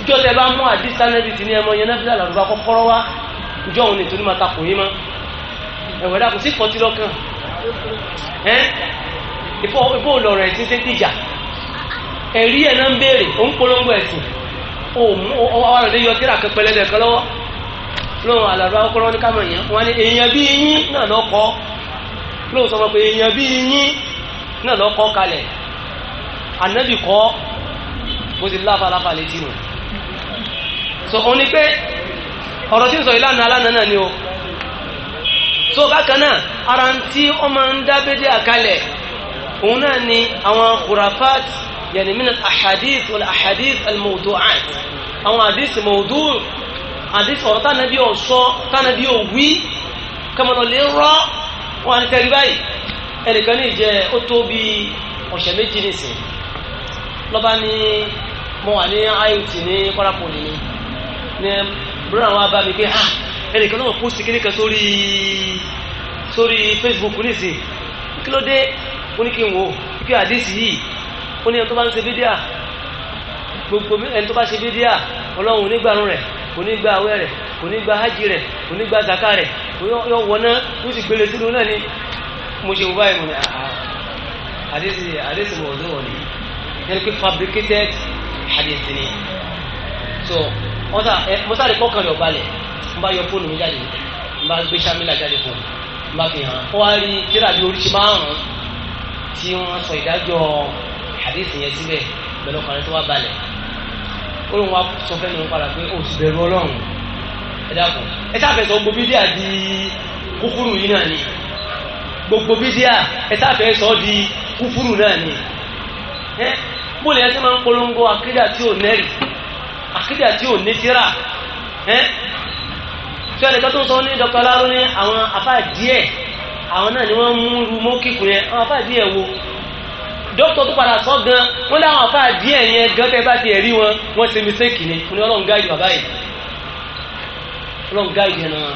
ìjọ tẹ bá mú àdìsá nẹ́bì tí ní ẹmọ yẹn náà fi lálàrúbá kọ́kọ́rọ́ wá ìjọ òun nìtúni máa takò yín mọ́ ẹ̀wẹ̀ dà kò sí kọjú lọ́kàn ẹ́ ìfọ̀ lọ̀rọ̀ ẹ̀sìn ṣe ti jà ẹ̀rí ẹ̀ náà ń béèrè ó ń polongo ẹ̀sìn ọwọ́ rẹ̀ yọ tíra kan pẹlẹ́dẹ̀ kan lọ́wọ́ lóhun àlàrà ọkọ̀rọ̀ ní kámọ̀ èèyàn wọn ni èèyàn bí yín náà lọ́kọ́ lóhun sọ pé èèyàn bí yín náà lọ́kọ́ kalẹ̀ ànábì kọ́ bó ti láfaláfa létí nù sọ òun ni pé ọ̀rọ̀ tí ń sọ ìlànà alánà náà ni o so bákan náà ara ń tí ó máa ń dá bédè àkálẹ̀ òun náà ni àwọn khurafat yẹni min al-ahadith wal-ahadith al-mawdu'at àwọn hadith mawdu' hadith ọ̀rọ̀ tánàbí ọ̀sọ́ tánàbí òwí kọmọlọ́lẹ́ rọ́ wọn àti tẹ̀rí báyìí ẹnìkan ní ìjẹ́ ó tó bí ọ̀sẹ̀ méjì nìsín lọ́ba ní mo wà ní IOT ní kọ́lápọ̀ nìyí ní bùrọ̀ àwọn abá mi pé ah ẹnìkan náà pósìtì kíní kan sórí sórí Facebook nísìn kí ló dé ó ní kí n wò kí àdísì yìí ó ní ẹni tó bá ń ṣe fídíà gbogbo ẹni tó bá ṣe fídíà ọlọ́run onígbàrún rẹ̀ kò ní gba àwẹ̀ rẹ̀ kò ní gba hajj rẹ̀ kò ní gba zaka rẹ̀ yọ wọná ó sì gbélé sínú náà ni mo ṣe wọ báyìí mo ní àdísì àdísì mọ̀ ọ̀dọ́ wọn ni yẹn ni pé fabricated hadith ni so wọ́n sà ẹ mo sáré kọ́kàn yọ̀ balẹ̀ n bá yọ fóònù mi jáde n bá gbé sàmìlà jáde fún un n bá fi hàn wọ́n á rí tíra bí oríṣi márùn-ún tí wọ́n sọ ìdájọ́ hadith yẹn síbẹ̀ pẹ̀lú ọkùnrin tó wá balẹ̀ ó lóun wá sọ fẹ́ nínú padà pé ó ti bẹ̀rù ọlọ́run ẹ dákun ẹ sáfẹ́ sọ gbogbo bídíà di kúkúrú yìí náà ni gbogbo bídíà ẹ sáfẹ́ sọ di kúkúrú náà ni ẹ bóòlù ẹ ti máa ń polongo akéda tí ò nẹ́rìí àkídà tí ò ní tíra ẹ́ tí wọ́n lè tọ́tún sọ ní dr aláró ní àwọn afá díẹ̀ àwọn náà ni wọ́n mú ru mọ́kìkù yẹn àwọn afá díẹ̀ wo dókítà tó padà sọ gan wọ́n láwọn afá díẹ̀ yẹn gan tẹ́ bá ti ẹ̀rí wọn wọ́n ti mi séèkì ni mo ní ọlọ́run gáàdì bàbá yìí ọlọ́run gáàdì yẹn náà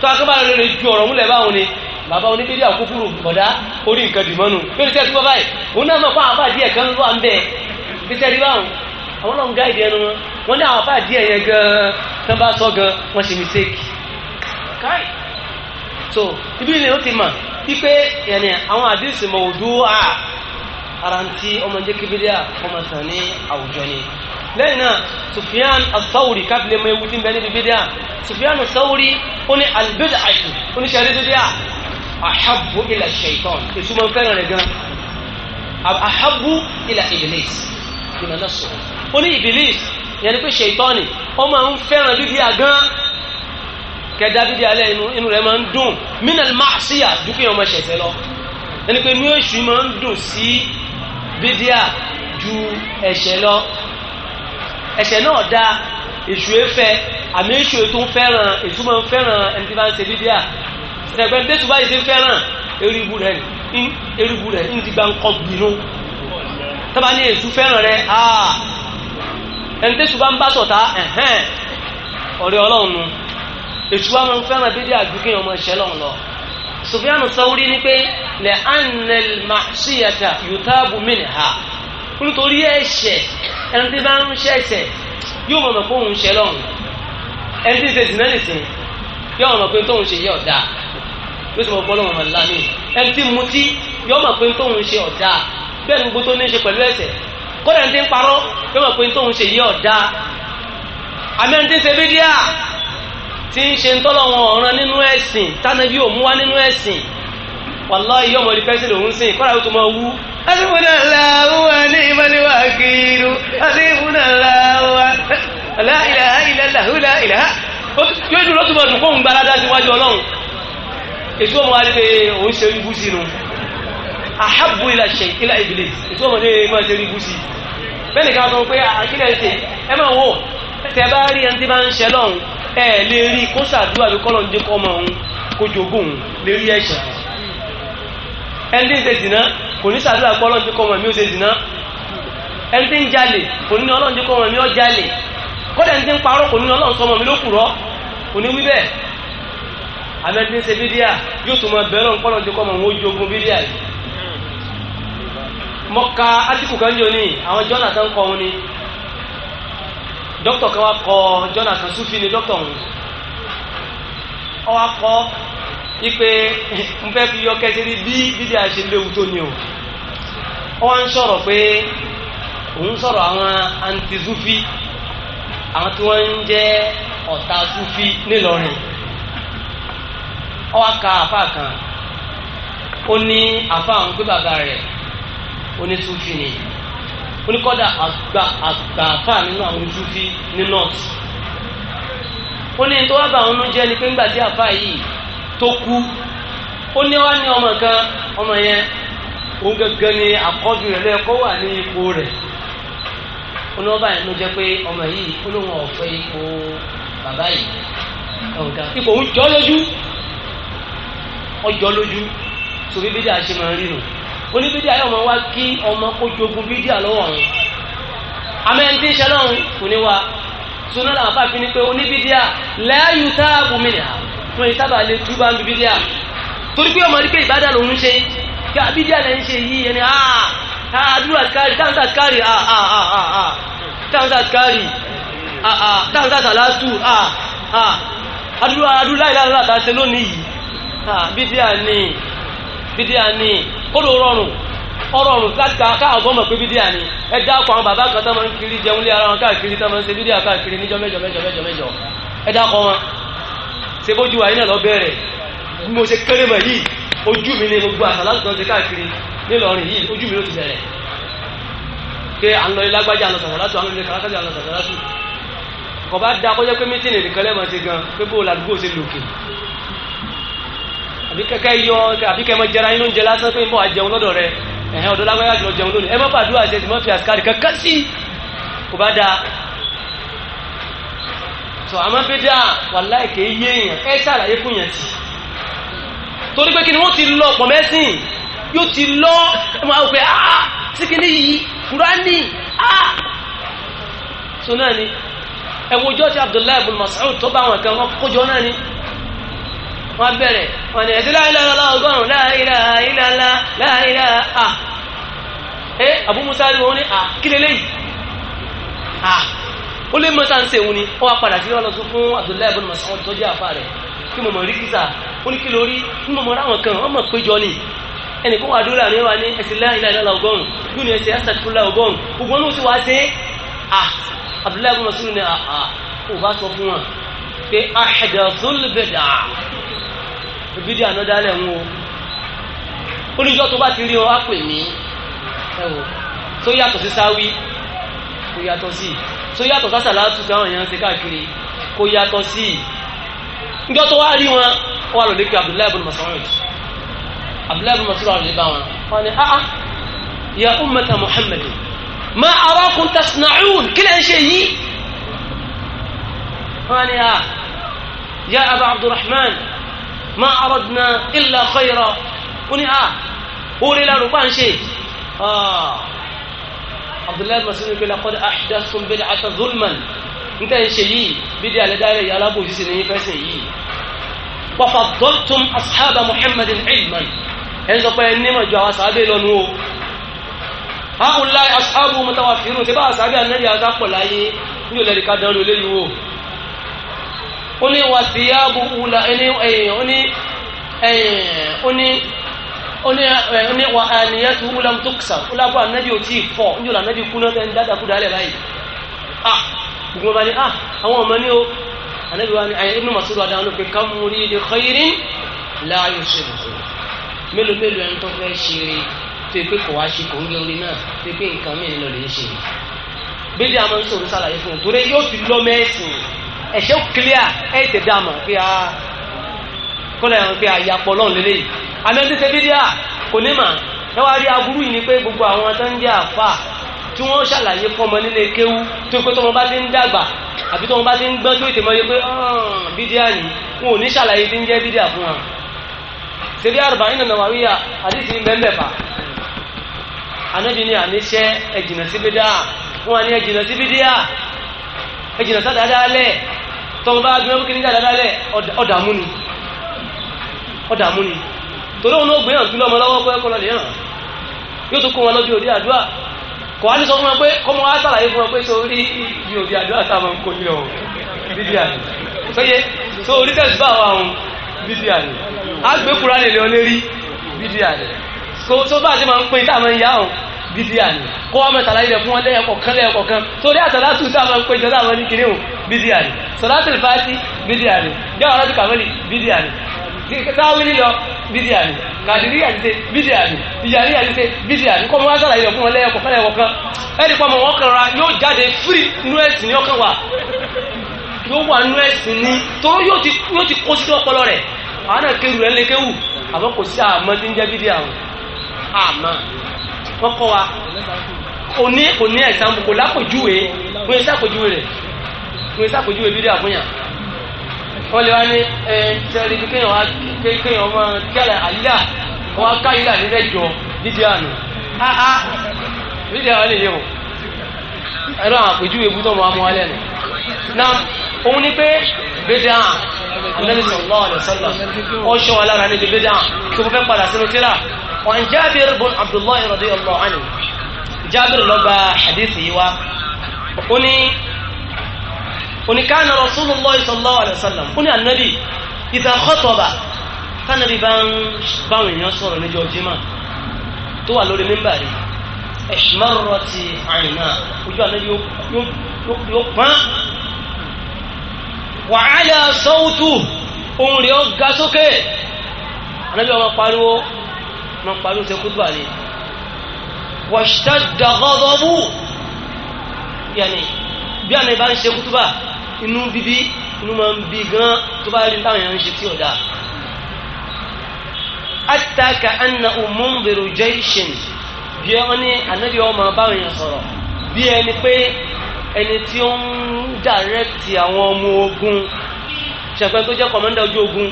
tó akọ́bá rẹ̀ lè ju ọ̀rọ̀ múlẹ̀ báwọn ni bàbá oníbídí àkúkúrú bọ̀dá orí nǹkan dìmọ́nù lórí tẹ́sí bàbá yìí òun náà mọ̀ fún àwọn afá díẹ̀ kan ló wà ń àwọn náà gáìdì ẹnu wọn wọn ní àwọn afá díẹ̀ yẹn gan tán bá sọ gan wọn ṣe mistake káì so ibi ni ó ti mà wípé yẹn àwọn àdìsí mọ̀ọ́dú à ara ń ti ọmọ jẹ́ kébílíà ọmọ sàn ní àwùjọ ni lẹ́yìn náà Sufyan as-Sawri kábílẹ̀ mọ ewu tí ń bẹ níbi bídíà Sufyan as-Sawri ó ní albid'a àṣù ó ní sẹ́rí bídíà ahabbu ila shaitan ìtumọ̀ fẹ́ràn rẹ̀ gan ahabbu ila iblis ìmọ̀ náà sọ̀rọ̀ ó ní ibilis yẹn ni pé ṣètọ́nì ó máa ń fẹ́ràn bídíà gan kẹjá bídíà lẹ́ inú rẹ̀ máa ń dùn minal ma'siya ju kéèyàn máa ṣẹ̀ṣẹ̀ lọ ẹni pé inú èṣù máa ń dùn sí bídíà ju ẹ̀ṣẹ̀ lọ ẹ̀ṣẹ̀ náà dá èṣù efẹ́ àmì èṣù tó ń fẹ́ràn èṣù máa ń fẹ́ràn ẹni tí bá ń ṣe bídíà ẹgbẹ́ ní tẹ́tù báyìí ti fẹ́ràn eribu rẹ̀ eribu rẹ̀ ń di gbàǹkọ́ gbìnú tábà ní èṣù fẹ́ràn rẹ̀ áà ah, ẹni tẹ́sù bá ń bá sọ̀tá ẹ̀hẹ́n ọ̀rẹ́ ọlọ́run nu èṣù wa máa ń fẹ́ràn bídí àdúgbò ọmọ ìṣẹ́ lọ́run lọ. Sufyanu Sawri ni pé lẹ́ anel mahsiyata yutabu minha nítorí ẹ̀ṣẹ̀ ẹni tí bá ń ṣẹ̀ṣẹ̀ yóò mọ̀ mọ̀ pé òun ṣẹ lọ́run ẹni tí ń ṣe dìnnà nìsín yóò mọ̀ pé tóun ṣe yẹ ọ̀dà yóò ti mọ̀ pọ́ lọ́wọ́ mọ̀ lámì ẹni tí mutí yóò mọ̀ pé tóun ṣe ọ̀dà bẹ́ẹ̀ ni gbogbo tó ní ṣe pẹ̀lú ẹ̀ṣẹ̀ kódà ní ti ń parọ́ pé mọ̀ pé tóun ṣe yí ọ̀dá àmì ẹni tí ń ṣe bídíà tí ń ṣe ń tọ́lọ̀ wọn ọ̀ràn nínú ẹ̀sìn tánàbí òmú wá nínú ẹ̀sìn wàláhì yọmọ ní fẹ́sẹ̀ lòún sìn kódà tó máa wú. alifuna lawa ni imaniwa kiri alifuna lawa la ilaha illallah la ilaha yóò dúró tó máa dùn fóun gbáradá síwájú ọlọ́run èso ọmọ wa ti òun ṣe ibú sínú ahabu ila ṣe ila iblis èso ọmọdé máa ṣe rí búsí bẹ́ẹ̀ nìkan sọ pé àkílẹ̀ ah, ṣe ẹ máa wò tẹ bá rí ẹni tí bá ń ṣe lọ́hùn ẹ lè rí kó ṣàdúrà bí kọ́lọ̀ ń dé kọ́ ọmọ òun kó jogún lè rí ẹ̀ṣẹ̀ ẹni tí ń ṣe zìnà kò ní ṣàdúrà pé ọlọ́run dé kọ́ ọmọ mi ó ṣe zìnà ẹni tí ń jalè kò ní ọlọ́run dé kọ́ ọmọ mi ó jalè kọ́dà ẹni tí ń parọ́ kò ní ọlọ́run sọmọ mi ló kùrọ́ kò ní wí bẹ́ẹ̀ àmẹ́ni tí ń ṣe bídíà yóò tún mọ bẹ́ẹ̀ lọ́n kọ́lọ̀ dé kọ́ ọmọ òun ó jogún bídíà yìí mọ́ka átíkù kan jò ní àwọn jonathan kọ ni dókítà kan wá kọ jonathan sufi ni dókítà òun ọ wá ipe n fẹ́ fi yọ kẹsí rí bí bíbí àṣẹ léwu tó o ọ wá ń sọ̀rọ̀ pé òun sọ̀rọ̀ àwọn anti-sufi àwọn tí wọ́n ń jẹ́ ọ̀tá sufi nílọrin ọ ka àfa kan ó ní àfa àwọn onísúfì ni oníkọ́dà àgbà àgbàfà nínú àwọn onísúfì ní north ó ní tó wá bá àwọn oúnjẹ ni pé ńgbà tí àfà yìí tó kú ó ní wá ní ọmọ kan ọmọ yẹn òun gangan ni àkọ́jú rẹ̀ lẹ́ẹ̀kọ́ wà ní ipò rẹ̀ ó ní wọ́n báyìí ló jẹ́ pé ọmọ yìí ó lóun ọ̀fẹ́ ipò bàbá yìí ọ̀gá ipò òun jọ́ lójú ọjọ́ lójú tòbí bí dáa ṣe oníbídíà yóò máa wá kí ọmọ kó jogun bídíà lọ́wọ́ ọ̀hún amẹ́ntí ń ṣẹlẹ̀ ọ̀hún kò ní wa sunu làwọn afáàfin ni pé oníbídíà lẹ́yìn tá a bù mí nà fún yìí sábà lè túbà ń bídíà torí pé ọmọ rí pé ìbádà lòún ṣe kí abídíà lẹ́ ṣe yìí ẹni ah àdúrà kárì táǹtà kárì ah ah ah ah ah táǹtà kárì ah ah táǹtà sàlátù ah ah àdúrà àdúrà ìlànà àtàṣe lónìí yìí ah bídíà ni bídíà ni kódò rọrùn ọrọrùn láti ka ká ọgbọ́n mọ̀ pé bídíà ni ẹ dákọ̀ àwọn bàbá kan tó máa ń kiri jẹun lé ara wọn káàkiri tó máa ń ṣe bídíà káàkiri níjọ́ mẹ́jọ mẹ́jọ mẹ́jọ mẹ́jọ ẹ dákọ̀ wọn ṣe bójú wa yín náà lọ bẹ̀rẹ̀ bí mo ṣe kéré mọ̀ yìí ojú mi ni gbogbo àṣà láti tán ṣe káàkiri nílọrin yìí ojú mi ló ti bẹ̀rẹ̀ pé à ń lọ ilé agbájá àlọ́ sọ̀rọ̀ láti àwọn ilé kàlákàjá àlọ́ sọ̀rọ̀ láti kọ̀ bá dáa kọjá pé mítìnì nìkan lẹ́ẹ̀mọ́ ṣe gan pé bó o làdúgbò ṣe lòkè àbí kẹ́kẹ́ yọ àbí kẹ́ mọ jẹra inú oúnjẹ lásán pé ń bọ̀ àjẹun lọ́dọ̀ rẹ ẹ̀hẹ́ ọ̀dọ́ lágbáyà jùlọ jẹun lónìí ẹ má fàdúrà ṣe ti má fi àṣkárì kankan sí kò bá dáa sọ àmọ́ bí dáa wàláì kì yé èèyàn ẹ ṣàlàyé fún yẹn tì torí pé kí ni wọ́n ti lọ pọ̀ mẹ́sìn yóò ti lọ ẹ máa wọ ah síkìlì yìí kúránì ah so náà ni ẹ wo jọ́ọ̀ṣì Abdullahi ibn Mas'ud tó bá àwọn kan wọ́n kójọ náà ni wọ́n bẹ̀rẹ̀ wọ́n ní ẹ̀sìn láìláìlá ọgọ́rùn-ún láìláìlá láìlá à ẹ Abu Musa rí wọn ní à ah, kí lè léyìí à ah. ó lè mọ́ta ń sèwọ́n ni ó wá padà sí wọn lọ sọ fún Abdullahi ibn Mas'ud tó jẹ́ àfa rẹ̀ kí mo mọ̀ rí kíta ó ní kí ló rí ní mo mọ̀ ráwọn kan wọ́n mọ̀ péjọ ni ẹnì kan wà dúró ní wa ní ẹ̀sìn láìláìlá ọgọ́rùn-ún yóò ní ẹ̀sìn asàtúlá ọgọ́rùn gbogbo náà ó sì wá sí à ah. Abdullahi ibn Mas'ud ní à à ó bá sọ fún wọn pé àhẹ̀dẹ̀ bídíà náà dálẹ̀ ń wo oníjọ́ tó bá ti rí ọ á pè mí ẹ wò tó yàtọ̀ sí sáwí kò yàtọ̀ sí tó yàtọ̀ sásàlá tù táwọn èèyàn ń ṣe káàkiri kò yàtọ̀ sí níjọ́ tó wá rí wọn wà lọ́dẹ pé Abdullahi ibn Mas'ud Abdullahi ibn Mas'ud àwọn ìbá wọn wọn ni ah ah ya ummata Muhammad ma arakum tasna'un kílẹ̀ ń ṣe yìí wọn ni ah ya Aba Abdurrahman ma aradna illa khayra ó ní ah, à orí lẹ́rù bá ń ṣe ah, abdullahi masini pé laqad ahdathtum bid'ata zulman n tẹ́ ń ṣe yìí bídí àlẹ́dáre yàrá bò sí ní fẹ́ sìn yìí wa faddaltum ashaba muhammadin ilman ẹ̀ ń sọ pé ní mọ̀jọ àwọn sàábẹ̀ o haula ashabu mutawafirun ti bá ó ní wà sí yáàbù wùlà ẹni ẹ̀yìn ó ní ẹ̀yìn eh, eh, ó ní ó ní eh, ó ní wà àníyàn tó wùlà tó kìsà ó lábọ̀ ànábì ò tí ì fọ̀ ń jòlá ànábì kú náà tẹ́ ń dáadáa kú dálẹ̀ báyìí ah gbogbo bá ní ah àwọn ọmọ ní o ànábì wa ní àyẹ̀ inú màsúrù adáwọn ló fi ká mú rí ilé xeyirin láàyò ṣe bùkù mélòó mélòó ẹni tó fẹ́ ṣe rí tó yẹ pé kò wá ṣe kò ń gé orí náà tó yẹ pé nǹkan mìíràn lọ lè ṣe bídí àmọ́ ń sọ̀rọ̀ sálàyé fún un torí yóò fi lọ́ mẹ́sìn ẹ̀ṣẹ́ ó clear ẹ̀ tẹ̀ dá mọ̀ pé a kọ́lẹ̀ ẹ̀hún pé àyàpọ̀ lọ́n lélẹ̀ yìí amẹ́tí ṣe bídíà kò ní mà ẹ wá rí aburú yìí ni pé gbogbo àwọn tó ń jẹ́ àfà tí wọ́n ṣàlàyé fọmọ nílé kéwú tó pé tọmọ bá ti ń dàgbà àbí tọmọ bá ti ń gbọ́n tó ètè mọ́ yẹ pé bídíà yìí wọn ò ní ṣàlàyé tí ń jẹ́ bídíà fún wa ṣebí àrùbá nínú ọ̀nà wàríyà àdìsí mẹ́mẹ́fà anábì ni àníṣẹ́ ẹ̀jìnà sá dáadáa lẹ̀ tọ́ bá gbé ọmọ kìíní dáadáa lẹ̀ ọ̀dààmú ni ọ̀dààmú ni torí òun náà gbéyàn jùlọ ọmọ lọ́wọ́ pé kọ́lọ́ lè ràn yóò tó kó wọn lọ́jọ́ òde àdúrà kò wá ní sọ fún wọn pé kọ́ mọ́ wá sàlàyé fún wọn pé sórí ibi òde àdúrà táwọn ń kó yín lọ bíbí àná sọyẹ tó orí tẹ̀sí bá a ti máa ń pín táwọn ń yá òun bídíà ni kó wá mẹ́ta láyé fún wọn lẹ́yìn kọ̀ọ̀kan lẹ́yìn kọ̀ọ̀kan torí àsàlátù tá a máa ń pè jọ́dá àwọn oníkiri o bídíà ni sọ̀látù fàtí bídíà ni jáwọ́ alájú kàmẹ́lì bídíà ni táwílì lọ bídíà ni kàdìrí àdìsẹ bídíà ni ìyàrí àdìsẹ bídíà ni kọ́mọ wá sàlàyé fún wọn lẹ́yìn kọ̀ọ̀kan lẹ́yìn kọ̀ọ̀kan ẹ̀rí pọ́mọ wọn kan ra yóò jáde fírì wa yóò wà nú ẹ̀sìn ní torí yóò ti kó sínú ọpọlọ rẹ̀ àwọn náà kéwù rẹ̀ ń lé kéwù àmọ́ kò sí àmọ́ tí ń jẹ́ bídíà wọn àmọ́ wọ́n kọ́ wa kò ní kò ní ẹ̀sán kò lápòjúwe kò ní sàpòjúwe rẹ̀ kò ní sàpòjúwe bídí àfúnyàn wọ́n lè wá ní ẹ sẹ́rí ní kéèyàn wá kéèyàn ọmọ kẹ́lẹ̀ àyílà wọ́n á ká àyílà ní mẹ́jọ dídí àná áá bídí àwọn lè yẹ wò ẹ̀rọ àwọn àpòjúwe bú tó mọ amú alẹ́ nù na òun ni pé bídí àwọn anẹ́lẹ́sọ̀ lọ́wọ́ ọ̀dọ̀ sọ́lọ̀ ọ̀ṣọ́ alára níbi bídí àwọn tó fẹ́ padà وعن جابر بن عبد الله رضي الله عنه جابر لبى حديثه و أني أني كان رسول الله صلى الله عليه وسلم وني النبي إذا خطب كان بان بان ينصر نجو جمع تو على المنبر احمرت عيناه وجو النبي يوم يوم يوم وعلى صوته أمري أو غاسوكي النبي ما قالوا wọn parí ó ṣe kútùbà ni washtadda ghadabuhu yẹni bí àná ìbá ń ṣe kútùbà inú bíbí inú máa ń bí gan tó bá rí táwọn èèyàn ń ṣe tí ò dáa hatta ka'annahu munziru jayshin bí wọn ní ànábì ọmọ báwọn èèyàn sọ̀rọ̀ bí ẹni pé ẹni tí ó ń dàrẹ́tì àwọn ọmọ ogun ṣàpẹ́ tó jẹ́ kọ̀mọ́ndà ojú ogun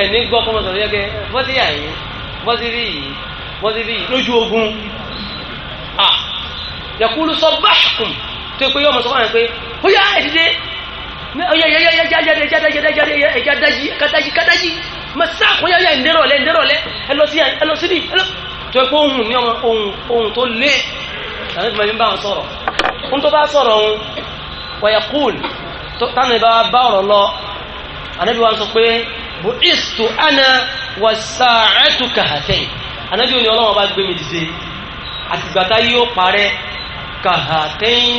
ẹni gbọ́ kọ́mọ́sọ̀rọ̀ yẹ́gẹ́ fọ́tíyà mọ́síbí yìí mọ́síbí yìí lójú ogun à yẹ̀kúlù sọ báṣkùn tó pé yọ ọmọ sọfọ́n rẹ̀ pé ó yá ẹ̀dídé jáde jáde jáde jáde ẹ̀já dájí kátájí kátájí mọ̀sáàkùn yá yá ìdérọ̀lẹ́ ìdérọ̀lẹ́ ẹlọ́sí ẹlọ́sídì tó pé ohun ní ọmọ ohun tó lé àwọn ìgbìmọ̀ ní bá wọn sọ̀rọ̀ ohun tó bá sọ̀rọ̀ ohun wọ̀yẹ̀kúl tánà ìbá bá ọ̀rọ̀ lọ ànábì wa sọ pé bu'istu ana was-sa'atu kahatayn anábì òní ọlọ́wọ́n bá gbé mi dìde àtìgbàtà yóò parẹ́ kahatayn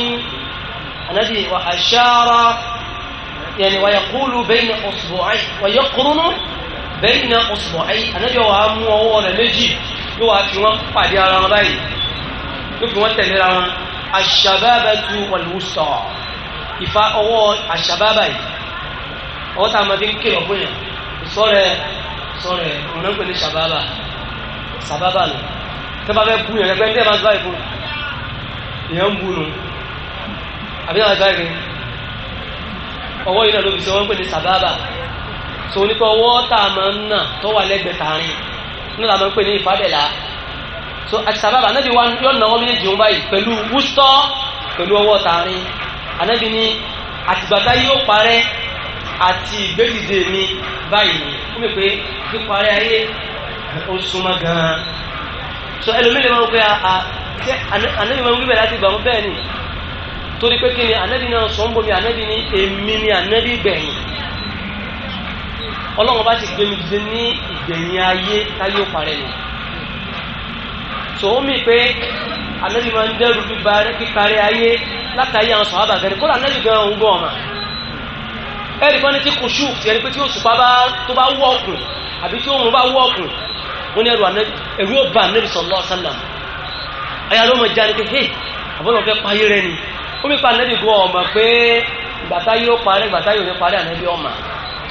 anábì wa ashara yani wa yaqulu bayna usbu'ayn wa yaqrunu bayna usbu'ayn anábì wa mú ọwọ́ rẹ̀ méjì yóò wá fi wọ́n pàdé ara wọn báyìí yóò fi wọ́n tẹ̀lé ara wọn ashababatu wal-wusta ìfa ọwọ́ ashababa yìí ọwọ́ tá a máa fi sọ́rẹ̀ sọ́rẹ̀ ọ̀nà pẹ̀lú sàbábà sàbábà nù tẹ́bà fẹ́ bú yẹn ẹgbẹ́ ní ẹ̀ma gbá ìbò èèyàn ń bú nù àbí ẹ̀ma gbá ìrìn ọwọ́ yìí náà ló fi sọ wọ́n pè ní sàbábà so nípa ọwọ́ tá a máa ń nà tó wà lẹ́gbẹ̀ẹ́ tààrin náà la máa ń pè ní ìfàdẹ̀lá so àti sàbábà anábì wa yọ̀ nà wọ́n méjèèjì wọn báyìí pẹ̀lú wúsọ́ pẹ̀lú ọwọ́ tààrin anábì ní àtìgbàtà yóò parẹ́ àti ìgbédìde mi báyìí ó mi pé píparí ayé ó súnmọ́ gan-an so ẹlòmíì lè máa ń pẹ́ à ṣé ànábì máa ń wí bẹ́ẹ̀ láti gbà wọ́n bẹ́ẹ̀ ni torí pé kí ni ànábì náà sọ ń bomi ànábì ní èmi ni ànábì gbẹ̀yìn ọlọ́run bá ti gbé mi dìde ní ìgbẹ̀yìn ayé táyé ó parẹ́ nù so ó mi pé ànábì máa ń dẹ́rù bíbá kíkarí ayé látàrí àwọn sọ̀rọ̀ àbàgẹ́rẹ́ kó ẹ̀rì kan ní tí kò ṣùkú ẹni pé tí òṣùpá tó bá wọ́ ọ̀kùn àbí tí òun bá wọ́ ọ̀kùn wọ́n ní ẹ̀rù ọba anabi sallallahu alaihi wasallam ẹ̀yà ló mọ̀ jáde pé hé àbọ̀lọ̀ fẹ́ payé rẹ ni ó mi pa anabi gbọ́ ọmọ pé gbàtá yóò parẹ́ gbàtá yóò ní parẹ́ anabi ọmọ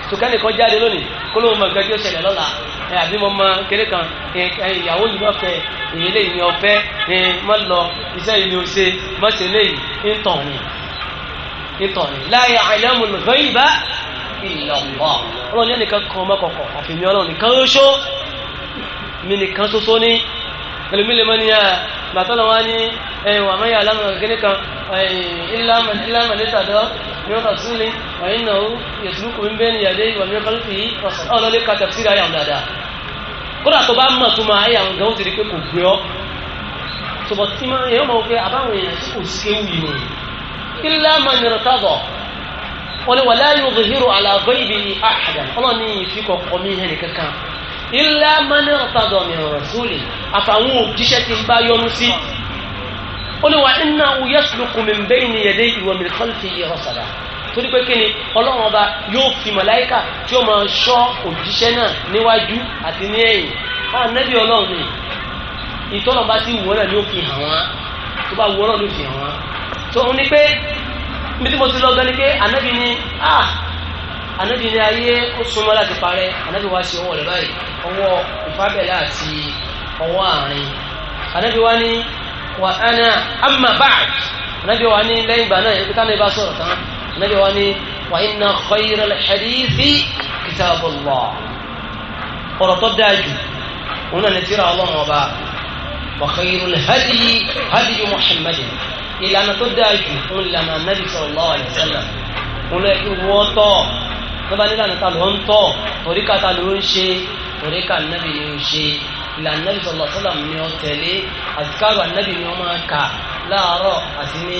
tòkẹ́ni kan jáde lónìí kó ló mọ̀ gbẹ́jọ́ ṣẹlẹ̀ lọ́la ẹ àbí mo mọ kéré kan ìyàwó yìí náà fẹ́ èyí lè ní mọ lọ iṣẹ́ yìí ni ìtọ̀ ni la ya'lamul ghaiba illa Allah ọlọ́run yẹn nìkan kan ọmọ kọ̀ọ̀kan àfihàn ọlọ́run nìkan ṣoṣo mi nìkan ṣoṣo ní ẹlòmílẹ̀ mọ́ ní bàtọ́lọ̀ wá ní ẹ̀wọ̀n eh, àmọ́yà alámọ̀ràn kékeré kan ìlàmọ̀lẹ́sàdọ́ ni wọ́n kà súnlé ó ti illa man irtada wọ́n ní wala yudhiru ala ghaybihi ahadan ọlọ́run ní ìfikọ̀kọ̀ mi hẹ́nì kankan illa man irtada min rasuli àfàwọn òjíṣẹ́ ti ń bá yọnu sí ó ní wa innahu yasluku min bayni yadayhi wa min khalfihi rasada torí pé kíni ọlọ́run ọba yóò fi màláíkà tí ó máa ṣọ́ òjíṣẹ́ náà níwájú àti ní ẹ̀yìn káà nẹ́bí ọlọ́run ni ìtọ́nà bá ti wọ́n náà ló fi hàn wọ́n tó bá wọ́n náà ló fi hàn wọ́n tó ń ní pé bí tí mo ti lọ gan ni pé ànábì ni ah ànábì ni ayé ó súnmọ́ láti parẹ́ ànábì wá sí ọwọ́ rẹ̀ báyìí ọwọ́ ìfábẹ́lẹ́ àti ọwọ́ àárín ànábì wá ní wà ánà amma ba'd ànábì wá ní lẹ́yìn ìgbà náà ìpítà náà bá sọ̀rọ̀ tán ànábì wá ní wà inna khayral hadithi kitabullah ọ̀rọ̀ tó dáa jù òun náà ní tíra ọlọ́run ọba wà khayrul hadi hadi muhammadin ìlànà tó dáa jù fún ìlànà anábì sallallahu alaihi wasallam fún lọ kí wọ́n tọ̀ tó bá nílànà ta ló ń tọ̀ toríkà ta ló ń ṣe toríkà anábì ló ń ṣe ìlànà nàbì sọlọ sọlọ ni ọ tẹ̀lé àtikáàrò ànábì ni ọ máa kà láàárọ̀ àti ní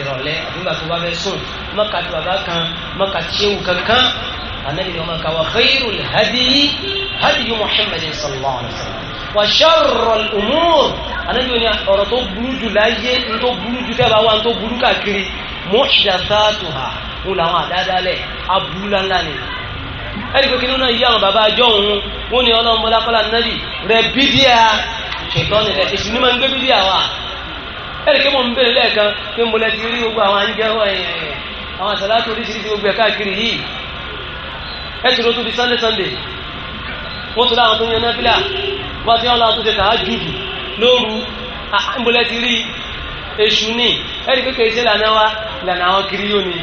ìrọ̀lẹ́ àbígbà tó bá fẹ́ sùn mọ́ka tí bàbá kan mọ́ka tí ewu kankan ànábì ni ọ máa kà wà khairul hadiyi hadiyu muhammadin sallallahu alaihi wa sallam wà sharrul umur ànábì ni ọ̀rọ̀ tó burú jù láyé ní tó burú jù tẹ́ bá wà ní tó burú káàkiri wọn àdáadáa lẹ̀ abúlá ńlá ni ẹ̀rí pé kínú náà yí àwọn bàbá àjọ òun wọn ni ọlọ́run bọ́lá kọ́lá nẹ́bì rẹ bídíà ṣètọ́ nílẹ̀ èsì ni máa ń gbé bídíà wa ẹ̀rí pé mo ń bèrè lẹ́ẹ̀kan pé mo lẹ ti rí gbogbo àwọn àǹjẹ́ àwọn àṣàlátò oríṣiríṣi gbogbo ẹ̀ káàkiri yìí ẹ̀ ti lótú di sunday sunday wọ́n tún láwọn tó ń yan náfìlà wọ́n ti yàn láwọn tó ṣe tàá jùdù lóru ìmọ̀lẹ́ ti rí èṣù ní ẹ̀rí pé kèé ṣe lànà wa lànà àwọn kiri yóò ni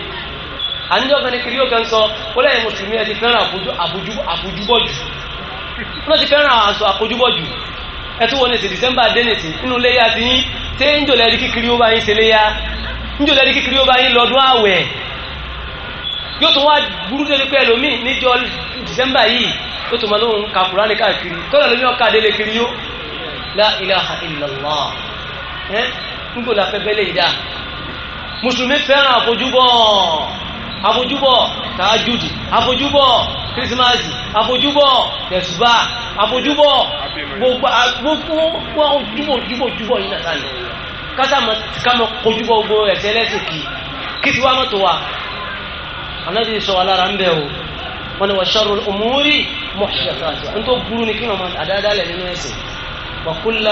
àníjọ́kan ní kiri òkan sọ wọlé ẹ̀ mùsùlùmí ẹ ti fẹ́ràn àbójúbọ̀jù wọ́n ti fẹ́ràn àṣọ àkójúbọ̀jù ẹ wọ́n ní ti dìsẹ́mbà dénìtì nínú léyà ti yín tẹ́ ń kíkiri ó bá léyà kíkiri ó bá lọ́dún àwẹ̀ yóò wá burú pé níjọ yìí ka káàkiri kiri yó la ẹ́ ń àfojúbọ̀ tàájúdì àfojúbọ̀ kírísímásì àfojúbọ̀ tẹ̀sùbà àfojúbọ̀ gbogbo ojúbọ̀ ojúbọ̀ ojúbọ̀ yìí nàta ni kátàmọ́ kojúbọ̀ gbogbo ẹ̀sẹ̀ ẹlẹ́sìn kì kí ti wá mọ́tò wa anábì sọ alára ń bẹ̀ o wọn ni wọ́n ṣọ́rọ̀ òmùúrí muhdathati n tó burú ni kí wọ́n máa àdáadáa lẹ̀ nínú ẹ̀sìn wàkúlà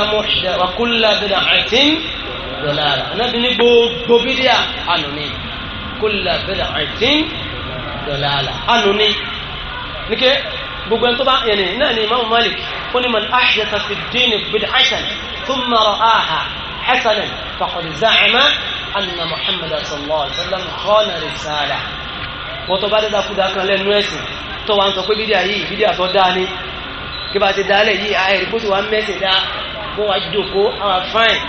bẹ̀rẹ̀ àìsín dọ̀là anábì ní gbogbo bídíà ànú kulla bid'atin dalalah anu ni ní ké gbogbo ẹni tó bá yẹn ni náà ni imaamu malik ó ní man ahdatha fi ad-dini bid'atan thumma ra'aha hasanan faqad za'ama anna muhammadan sallallahu alaihi wasallam khana risalah wọ́n tó bá dé dákúdá kan lẹ́nu ẹ̀sìn tó wà ń wọn wá jòkó àwọn fáìn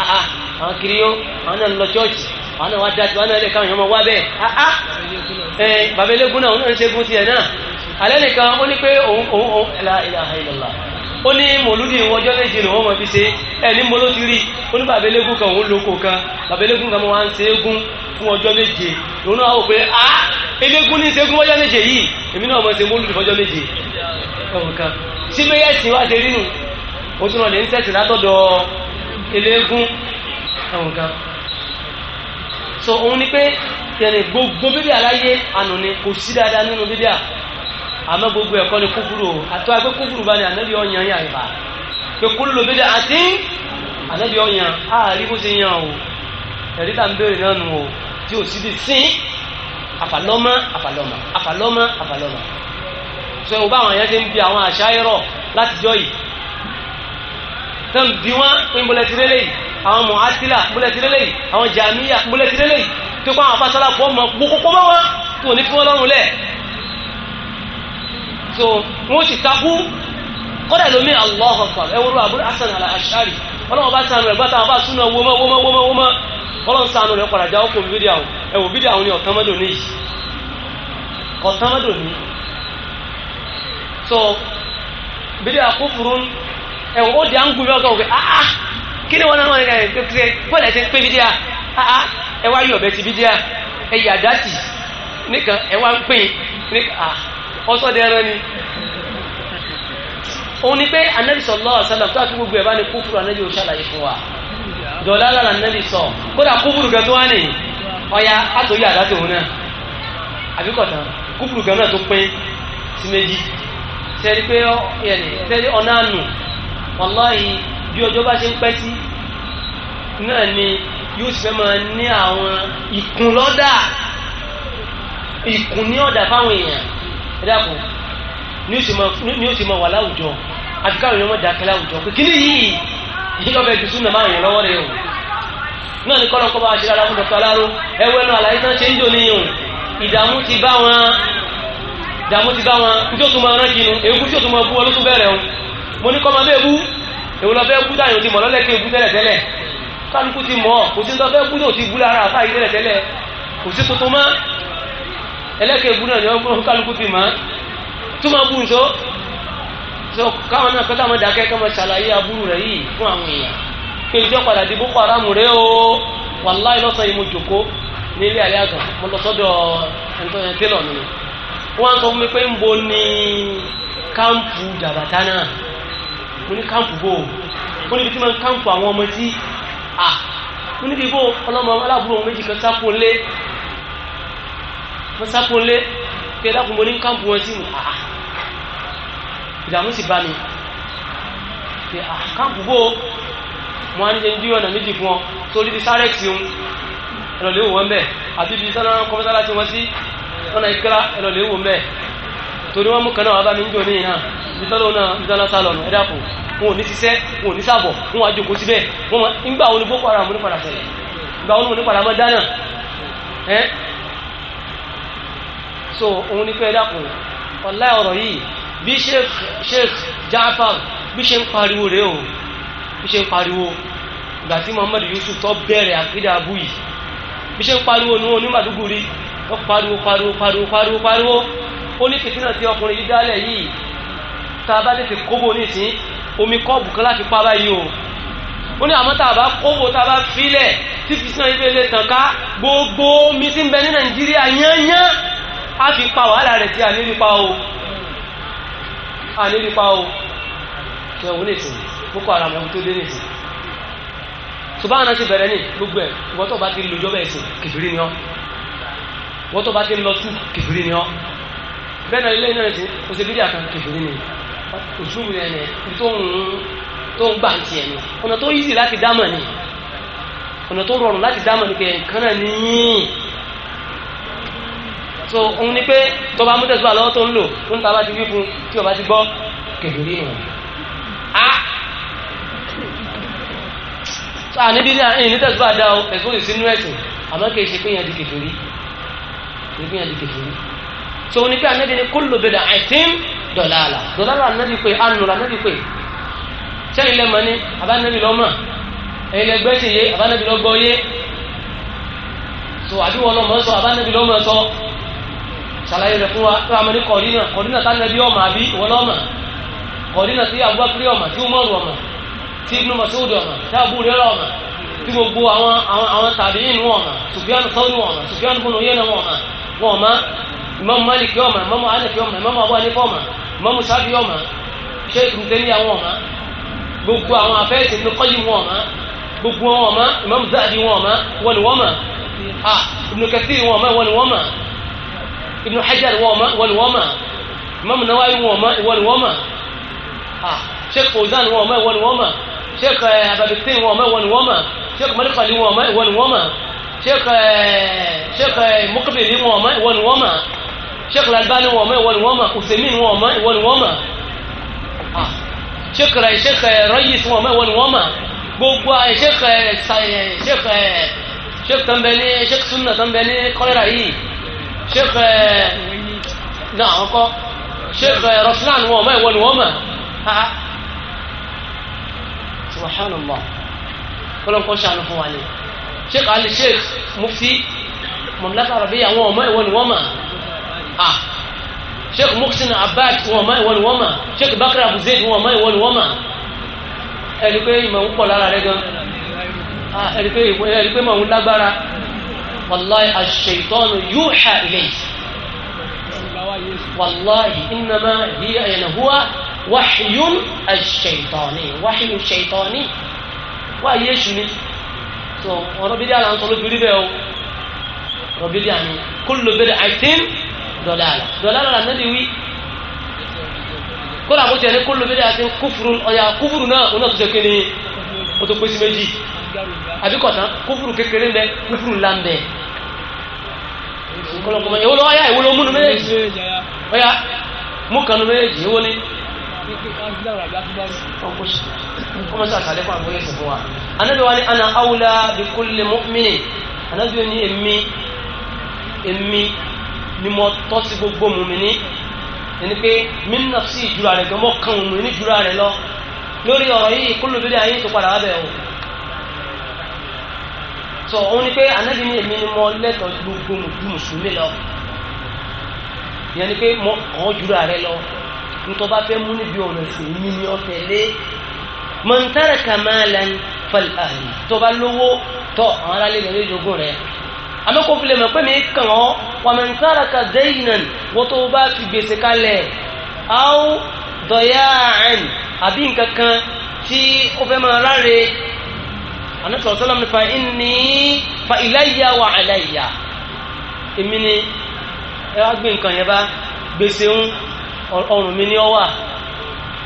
àhà ah, ah, àwọn kiri yó àwọn náà lọ chọ́ọ̀chì àwọn náà wá dájú àwọn náà lè káwọn èèyàn máa wá bẹ́ẹ̀ àhà ah, ẹ eh, bàbá eléegun náà ń ṣẹ́gun tiẹ̀ náà alẹ́ nìkan ó ní pé òun òun òun ẹ̀la ilaha illallah ó ní mòlúdì ọjọ́ méje lòun ọmọ fi ṣe ẹ ní mbolo ti rí ó ní bàbá eléegun kan òun lóko kan bàbá eléegun kan wá ń ṣe égún fún ọjọ́ méje lòun náà wò pé a eléegun ní ṣe égún méje yìí èmi náà mọ̀ ṣe mòlúdì fọjọ́ méje ẹ̀wọ̀n kan síbẹ̀ yẹ̀sìn ṣe rí nù ó tún ń tẹ̀sí látọ̀dọ̀ eléégún ẹ̀wọ̀n kan so òun ni pé tẹ̀lé gbogbo bíbí aláyé àná ni kò sí dáadáa nínú bíbí à àmọ́ gbogbo ẹ̀kọ́ ni kúkúrú àtọ́ àgbẹ̀ kúkúrú bá ní ànábì ọ̀yàn yà ìbà pé kúrú ló bíbí àti ànábì ọ̀yàn àárí bó ti yàn o ẹ̀rí tá ń béèrè náà nù o tí ò sí di sí àfàlọ́mọ́ àfàlọ́mọ́ àfàlọ́mọ́ àfàlọ́mọ́ so ìwọ bá àwọn yẹn ń bi àwọn àṣà irọ́ látijọ́ yìí tán bí wọ́n pé mbọ́lẹ́tìrẹ́lẹ́ yìí àwọn mọ̀hátìlà mbọ́lẹ́tìrẹ́lẹ́ yìí àwọn jàmíyà mbọ́lẹ́tìrẹ́lẹ́ yìí tó kọ́ àwọn afásálà pọ̀ mọ́ gbogbo bá wọn tó ní fún ọlọ́run lẹ̀ so wọ́n sì takú kọ́dà lómi Allahu Akbar al-Ash'ari ọlọ́run bá sanu rẹ̀ gbá táwọn bá súnà wọ́mọ́ wọ́mọ́ wọ́mọ́ wọ́mọ́ ọlọ́run sanu rẹ̀ padà já ọkọ̀ bídíà ẹ̀wò bídíà ni ọ̀tán mọ́dọ̀ ní yìí ọ̀tán mọ́dọ̀ ní so bídíà kúfùrún ẹ̀wọ̀n ó di à ń gbúrú ah ah áá kí ni wọn náà kpe ní ṣe bọ́ọ̀lù ẹ̀ ti ń pé bídíà áá ah, ah, ẹ wá yọ a ti bídíà ẹ yà dátì nìkan ẹ wá ń pè nìkan à ah, ọsọdẹ ẹran ni. òun ni pé anabi tó gbogbo sọ kódà gan tó wá nìyí òun náà gan náà tó pín wàláhì bí ọjọ́ bá ṣe ń pẹ́ sí náà ni yóò sì fẹ́ máa ní àwọn ìkun lọ́dà ìkun ní ọ̀dà fáwọn èèyàn ẹ dákun ni yóò sì máa wà láwùjọ àti káwọn èèyàn máa dákẹ́ láwùjọ pé kí ni yìí yìí lọ́fẹ́ ju súnà máa yàn lọ́wọ́ rẹ o náà ni kọ́lọ́ kọ́ bá ṣe rárá fún dọ́kítà aláró ẹwẹ́ náà àlàyé tán ṣe ń dòní o ìdààmú ti bá wọn ìdààmú ti bá wọn kí tí ó tún máa rántí nu èkú tí ó tún máa bú ọ bẹ̀rẹ̀ o mo ní kọ́ máa bẹ́ẹ̀ bú èwo lọ fẹ́ bú dáyọ̀ ti mọ̀ lọ́lẹ́ kí n bú tẹ́lẹ̀ tẹ́lẹ̀ kálukú ti mọ̀ kò sí lọ́fẹ́ bú náà ti bú lára àfáà yìí tẹ́lẹ̀ tẹ́lẹ̀ kò sí tuntun mọ́ ẹlẹ́kẹ̀ bú náà kálukú ti tó máa bú so káwọn náà kọ́tà máa o wàláì yìí mo jòkó ní ilé àlẹ́ àgàn mo lọ sọ́dọ̀ ẹ̀ńtọ́yẹn tẹ́lọ̀ mi wọ́n á sọ fún mi mo ní káàmpù bò ó mo níbi tí mo ń káàmpù àwọn ọmọ tí à mo níbi bò ọlọ́mọ aláàbúrò ọmọ méjì kan sápò lé mo sápò lé kí ẹ dákun mo ní káàmpù wọn sí mi à ìdààmú sì bá mi pé à káàmpù bò ó mo á ní jẹ́ ní bí ọ̀nà méjì fún ọ torí ti sáré tì ń ẹ̀rọ lè wọ́n bẹ́ẹ̀ àti ibi sọ́nà kọ́mọ́sálásí wọn sí ọ̀nà ìkẹ́lá ẹ̀rọ lè wọ́n bẹ́ẹ̀ torí wọ́n mú kan náà wá bá mi ń jò ní iná ìtọ́lọ́ náà ìtọ́lọ́ sálọ̀nù ẹ̀dá kù wọn ò ní ṣiṣẹ́ wọn ò ní sàbọ̀ wọn wá jókòó síbẹ̀ wọn máa ń gbà wọn ní boko haram ní padà sẹ̀lẹ̀ gbà wọn ní padà mọ́ dáná ẹ́ so òun ní pé ẹ̀dá kù ọ̀lá ọ̀rọ̀ yìí bí sheikh sheikh Jaafar bí ṣe o bí ṣe ìgbà tí Muhammad Yusuf tó bẹ̀rẹ̀ àkídà abú yìí bí ṣe ń pariwo ní onímàdúgbò rí wọ́n pariwo pariwo pariwo pariwo pariwo ó ní fìtínà tí ọkùnrin yìí dálẹ̀ yìí tá a bá tètè kóbò nísìn omi kọ́ọ̀bù kan láti pa báyìí o ó ní àmọ́ tá a bá kóbò tá a bá filẹ̀ tí fìtínà yìí fẹ́ lè tàn ká gbogbo omi tí ń bẹ ní nàìjíríà yányán á fi pa wàhálà rẹ̀ tí a ní nípa o a ní nípa o kẹ wo nísìn boko haram ọ̀hún tó dé nísìn ṣùgbọ́n àná ti bẹ̀rẹ̀ ní gbogbo ẹ̀ wọ́n tó bá ti lójọ́ bẹ́ẹ̀ sìn kìfìrí ni ọ́ wọ́n tó bá ti lọ sùn kìfìrí ni ọ́ bẹ́ẹ̀ náà ilé náà ti o ṣe bídíà kan kékeré ni òṣùwù rẹ̀ ni tó ń tó ń gbà ń tiẹ̀ ni ọ̀nà tó easy láti dámọ̀ ni ọ̀nà tó rọrùn láti dámọ̀ ni kẹ̀ nǹkan ní yín so òun ni pé tó bá mútẹ̀sí wà lọ́wọ́ tó ń lò tó ń ti wí fún tí o ti gbọ́ kékeré ni a so àní bídíà ẹ̀yìn nítẹ̀sí wà dá o ẹ̀sùn ìsínú ẹ̀sìn àmọ́ kì ṣe pé yẹn di kékeré so ní pé anabi ní kullu bid'atin dọ̀làlà dọ̀làlà anabi pé anura anabi pé sẹ́yìn lẹ́mọ̀ ni abánabi lọ́mọ̀ ẹ̀yin lẹ́gbẹ́ sì yé abánabi lọ́gbọ́ yé so àbí wọn lọ́mọ sọ abánabi lọ́mọ sọ ṣàlàyé rẹ̀ fún wa pé àmọ́ ní kọ̀ọ̀dínà kọ̀ọ̀dínà tánàbí ọmọ àbí wọn lọ́mọ kọ̀ọ̀dínà sí abúlé ọmọ tí ó mọ̀rù ọmọ tí ibnu masoud ọmọ tí abúlé ọmọ tí gbogbo àwọn àwọn tàbí inú ọmọ sùfíàn sọ́ọ̀nù ọmọ sùfíàn bùnú yẹn ọmọ ọmọ Imam Malik yóò mọ̀ Imam Anas yóò mọ̀ Imam Abu Hanifa mọ̀ Imam Shafi yóò mọ̀ Sheikh Mutemi àwọn ọ̀mọ́ gbogbo àwọn afẹ́sì ní kọ́yì wọn ọ̀mọ́ gbogbo wọn ọ̀mọ́ Imam Zahabi wọn ọ̀mọ́ wọn ni wọ́n mọ̀ ah Ibn Kathir wọn ọ̀mọ́ wọn ni wọ́n mọ̀ Ibn Hajar wọn ọ̀mọ́ wọn ni wọ́n mọ̀ Imam Nawawi wọn ọ̀mọ́ wọn ni wọ́n mọ̀ ah Sheikh Fawzan wọn ọ̀mọ́ wọn ni wọ́n mọ̀ Sheikh Ababistin wọn ọ̀mọ́ wọn ni wọ́n mọ̀ Sheikh Malik wọn ọ̀mọ́ wọn ni wọ́n mọ̀ Sheikh Sheikh Muqbil wọn ọ̀mọ́ wọn ni wọ́n mọ̀ sheikh Albani wọn mọ ìwọ ni wọn mọ Uthaymin wọn mọ ìwọ ni wọn mọ ah. sheikh eh, sheikh eh, Rayis wọn mọ ìwọ ni wọn mọ gbogbo eh, sheikh sheikh sheikh tanbẹni sheikh sunna tanbẹni kọlẹra yìí sheikh náà ọkọ sheikh Raslan wọn mọ ìwọ ni wọn mọ ha subhanallah kọlọńkọ ṣàánú fún wa ni sheikh Ali sheikh Mufti mọ̀mílákà rabi àwọn ọmọ ìwọ ni wọn mọ ha sheikh muhsin abad wọn máa ìwọ ni wọn mà sheikh bakr abu zayd wọn máa ìwọ ni wọn mà ẹni pé ìmọ̀ ń pọ̀ lára rẹ gan ẹni pé ẹni pé ìmọ̀ ń lágbára wàláì ash-shaytanu yuha ilayhi wàláì innama hiya ẹ̀yẹ̀nà huwa so ọ̀rọ̀ bídíà là ń sọ lójú rí bẹ́ẹ̀ o ọ̀rọ̀ bídíà ni dọ̀làlà dọ̀làlà là nàbí wí kódà bó tiẹ̀ ní kóló bídà àti kúfùrù ọ̀yà kúfùrù náà òun náà tó ṣe kí ni ó tó pèsè méjì àbí kọ̀tán kúfùrù kékeré ń bẹ kúfùrù ńlá ń bẹ kọlọkọ mọ ìwọlọ ọyá ìwọlọ múnu méjèèjì ọyá mú kanu méjèèjì ìwọ ni. kọ́mọ sí àtàlẹ́ fún àgbóyè sí fún wa. anábì wa ni ana awla bi kulli mu'minin anábì wa ni èmi èmi ni mo tọ́ sí gbogbo mùmíní ẹni pé mímọ̀ sí ìjura rẹ̀ gan mọ́ kan mùmíní ní ìjura rẹ̀ lọ lórí ọ̀rọ̀ yìí kúlù bídé ayé tó padà wábẹ̀ o sọ òun ni pé anábì ní èmi ni mo lẹ́tọ̀ọ́ gbogbo mùsùlùmí lọ ìyẹn ni pé mo kàn án jura rẹ̀ lọ nítorí bá fẹ́ mú níbi ọ̀rọ̀ mi ni ọ̀fẹ́ lé mọ̀ntàrà kàmáàlà fàlàhì tó bá lówó tọ́ àwọn aráàlú ìgbàlejò ogún rẹ̀ àmọ́ kò filẹ̀ mọ̀ pé mi kàn ọ́ wàmín tàràkà dẹ́yìnàn wọ́n tó bá fi gbèsè kalẹ̀ áwò dọ̀yà àn àbí nǹkan kan tí ó fẹ́ máa ráre anasọ̀ sọ́lọ́mù fa inni fa ilayya wa alayya èmi ni ẹ wá gbé nǹkan yẹn bá gbèsè ń ọrùn mi ni ọ wà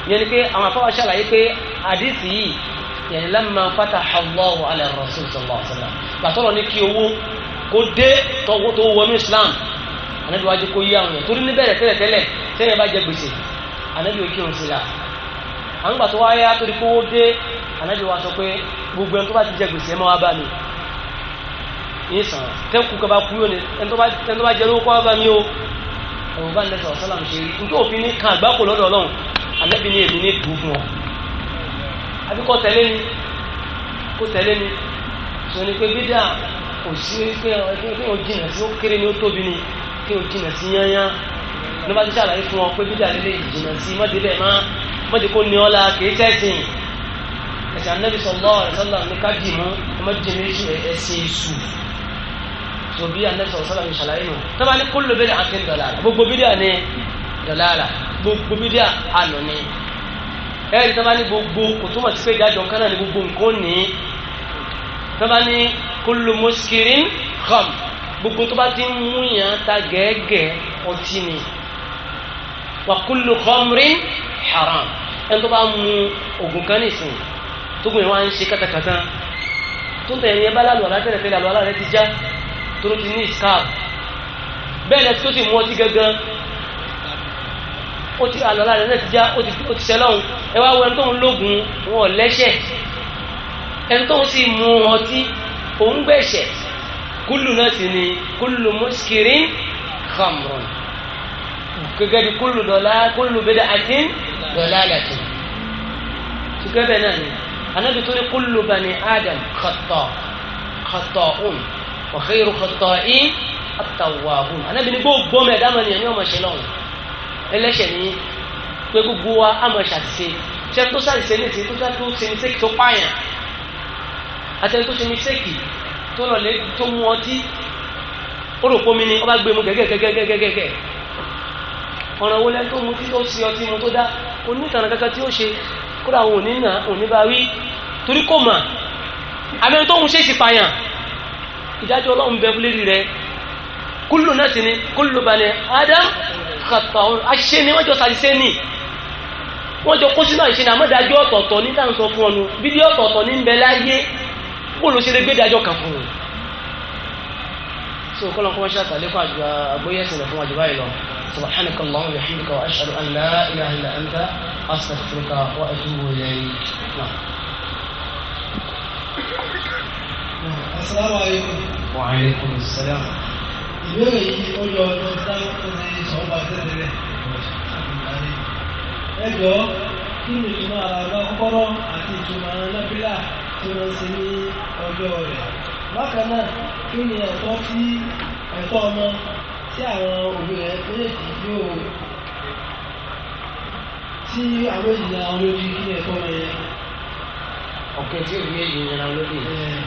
yẹn ni pé àwọn afọwọ́ ṣàlàyé pé àdìsí yìí yẹn lamma fataha Allahu ala rasul sallallahu alaihi wasallam gbàtọ́rọ̀ ní kí owó kó dé tọwọ́ tó wọnú islam anabi wájú kó yí àwọn yẹn torí níbẹ̀rẹ̀ tẹ́lẹ̀tẹ́lẹ̀ tẹ́lẹ̀ bá jẹ gbèsè anabi ò kí òun sí la àwọn gbà tó wá yá torí kó dé anabi wa sọ pé gbogbo ẹni tó bá ti jẹ gbèsè ẹ máa wá o ẹ̀rù bá nílẹ̀ sọ̀rọ̀ sọ́lá ṣe rí nítorí òfin ní kan àgbákò lọ́dọ̀ ọlọ́run anabi ní èmi tẹ̀lé ni kó tẹ̀lé ni sọ ni pé bídà kò sí pé o jìnà tí ó kéré ni ó tóbi ni kí o jìnà sí yányán ní bá ti ṣàlàyé fún ọ pé bídà lílé ìjìnà sí mọ́délẹ̀ má mọ́dé kó ní ọ́la kìí tẹ̀sìn ẹ̀sìn anábì sallallahu alaihi wasallam ní kájì mú ọmọdéjìnà èṣù ẹ̀sìn èṣù tó bí anábì sallallahu alaihi wasallam ṣàlàyé nù tọ́ba ní kullu bid'atin dalalah gbogbo bídà ni dalalah gbogbo bídà àlọ́ ni ẹ̀rí tọ́ba ní gbogbo kò túmọ̀ sí pé ìdájọ́ kan náà ní gbogbo nǹkan ní tọ́ba ní kulu muskirin kham gbogbo tó bá ti ń mú yàn ta gẹ́gẹ́ ọtí ni wa kullu khamrin haram ẹni tó bá mu oògùn kan nìsín tó gbìyànjú wa ń ṣe kátàkátà tó ń tẹ̀yẹ̀ ní ẹbá lálù alátẹ̀lẹ̀ tẹ̀lẹ̀ àlọ́ alárẹ̀ ti já tó ló ti ní scarf bẹ́ẹ̀ lẹ́tí tó sì mú ọtí gangan ó ti àlọ́ alárẹ̀ ti já ó ti sẹ́lọ́hún ẹ wá wọ ẹni tó ń lógun wọn ò lẹ́ṣẹ̀ ẹni tó ń sì mú ọtí ó ń gbẹ̀ṣẹ̀ kúlù náà sì ni kúlù muskirin khamrun gẹ́gẹ́ bí kúlù dọ̀lá kúlù bẹ́dẹ̀ àti dọ̀lá lẹ́tọ̀ ṣùgbọ́n bẹ́ẹ̀ náà ni anábì tó ní kúlù bani adam kọ̀tọ̀ kọ̀tọ̀ òun wa khayru khatta'in at-tawwabun anábì ní gbogbo mẹ́ẹ̀dá mọ́ ni ẹ̀mí ọmọ ṣe lọ́wọ́ ẹlẹ́ṣẹ̀ ni pé gbogbo wa á mọ̀ ṣàṣìṣe tó ṣàṣìṣe ní ti tó ṣàṣìṣe ní ti tó pààyàn àtẹni tó ṣe mistake tó lọ lé tó mú ọtí ó rò pómi ni ó bá gbé mu gẹ́gẹ́gẹ́gẹ́gẹ́gẹ́ ọ̀ràn wo lẹ́nu tó mu tí ó ṣe ọtí mu tó dá onítànà kankan tí ó ṣe kódà òun ò ní nà òun ní bá wí torí kò mà àmẹ́rin tó ń ṣe sí payàn ìdájọ́ ọlọ́run bẹ fúlẹ́rì rẹ kúlù náà sì ni kúlù bani adam kàtàwọn àṣìṣe ni wọ́n jọ ṣàṣìṣe ni wọ́n jọ kó sínú àṣìṣe ni àmọ́dájọ́ ọ̀tọ̀ọ̀tọ̀ ní táwọn fún ọ bóòlù ṣe lè gbé dájọ́ kan fún un so kọ́ lọ́n kọ́ ṣe àtàlékọ́ àjọ agbóyẹ̀sìn lọ fún àjọ báyìí lọ سبحانك اللهم وبحمدك واشهد ان لا اله الا انت استغفرك واتوب اليك السلام عليكم وعليكم السلام ìbéèrè yìí ó yọ ọdún táwọn ní sọ̀rọ̀ tẹ́lẹ̀ ẹ jọ kí ni ìtumọ̀ àràgbá kọ́kọ́rọ́ àti ìtumọ̀ anábílà tí wọ́n ṣe ní ọjọ́ rẹ̀. bákan náà kí ni ẹ̀tọ́ tí ẹ̀tọ́ ọmọ tí àwọn òbí rẹ̀ méjèèjì yóò tí àwọn ènìyàn lójú kí ni ẹ̀tọ́ ọmọ ọ̀kẹ́ tí òbí ènìyàn lójú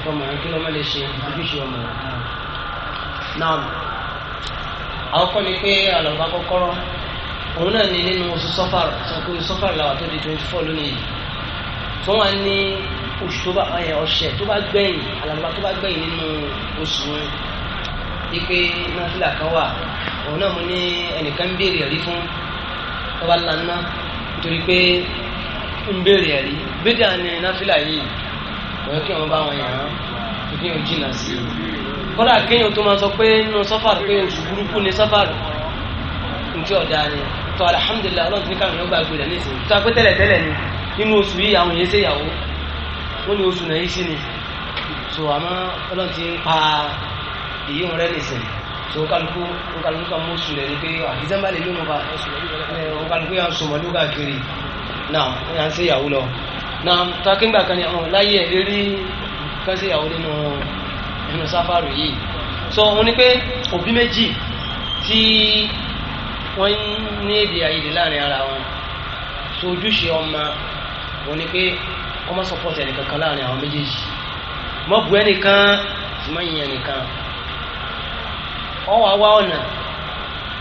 ọmọ yẹn kí ló lè ṣe ojúṣe ọmọ náà àwọn kọ́ni pé àlọ́ba kọ́kọ́rọ́ òun náà ni nínú oṣù sọ́fàr sọ làwà tó di twenty four lónìí yìí tó ní oṣù tó bá ọ̀sẹ̀ tó bá gbẹ̀yìn àlàmọ́bá tó bá gbẹ̀yìn nínú oṣù wọn wípé náfìlà kan wà òun náà mo ní ẹnìkan ń béèrè ẹ̀rí fún ọba lana nítorí pé ń béèrè ẹ̀rí bídà ni náfìlà yìí wọ́n kí wọ́n bá wọn yàn án tó kí wọ́n jìnnà sí i kọ́dà kéèyàn tó máa sọ pé nínú sọ́fàrù pé oṣù burúkú ni sọ́fàrù ní ọ̀dà ni tó alhamdulilayi ọlọ́run ti ní káwọn yóò gbàgbé rẹ̀ nísìnyí tó apẹ́ tẹ́lẹ̀ tẹ́lẹ̀ ni nínú oṣù yìí àwọn yẹn ṣèyàwó wọ́n ní oṣù náà yìí sí ni so àmọ́ ọlọ́run ti ń pa èyí wọn rẹ́ nìsín so kálukú kálukú kan mú oṣù rẹ̀ ni pé àdìsẹ́mbà lè lóun bá kálukú yà ń sọmọ ló káàkiri náà wọ́n yà ń ṣèyàwó lọ náà takíngbà kan ni àwọn láyé ẹ̀ rí kan nínú nínú sáfàrò yìí so wọ́n ní pé òbí méjì tí wọ́n ní èdè àyèdè láàrin ara wọn so ojúṣe ọmọ wọ́n ní pé kọ́mọ́ sọpọ́tì ẹnìkankan láàrin àwọn méjèèjì mọ́ bu ẹnìkan mọ́ yin ẹnìkan ọwọ́ àwa ọ̀nà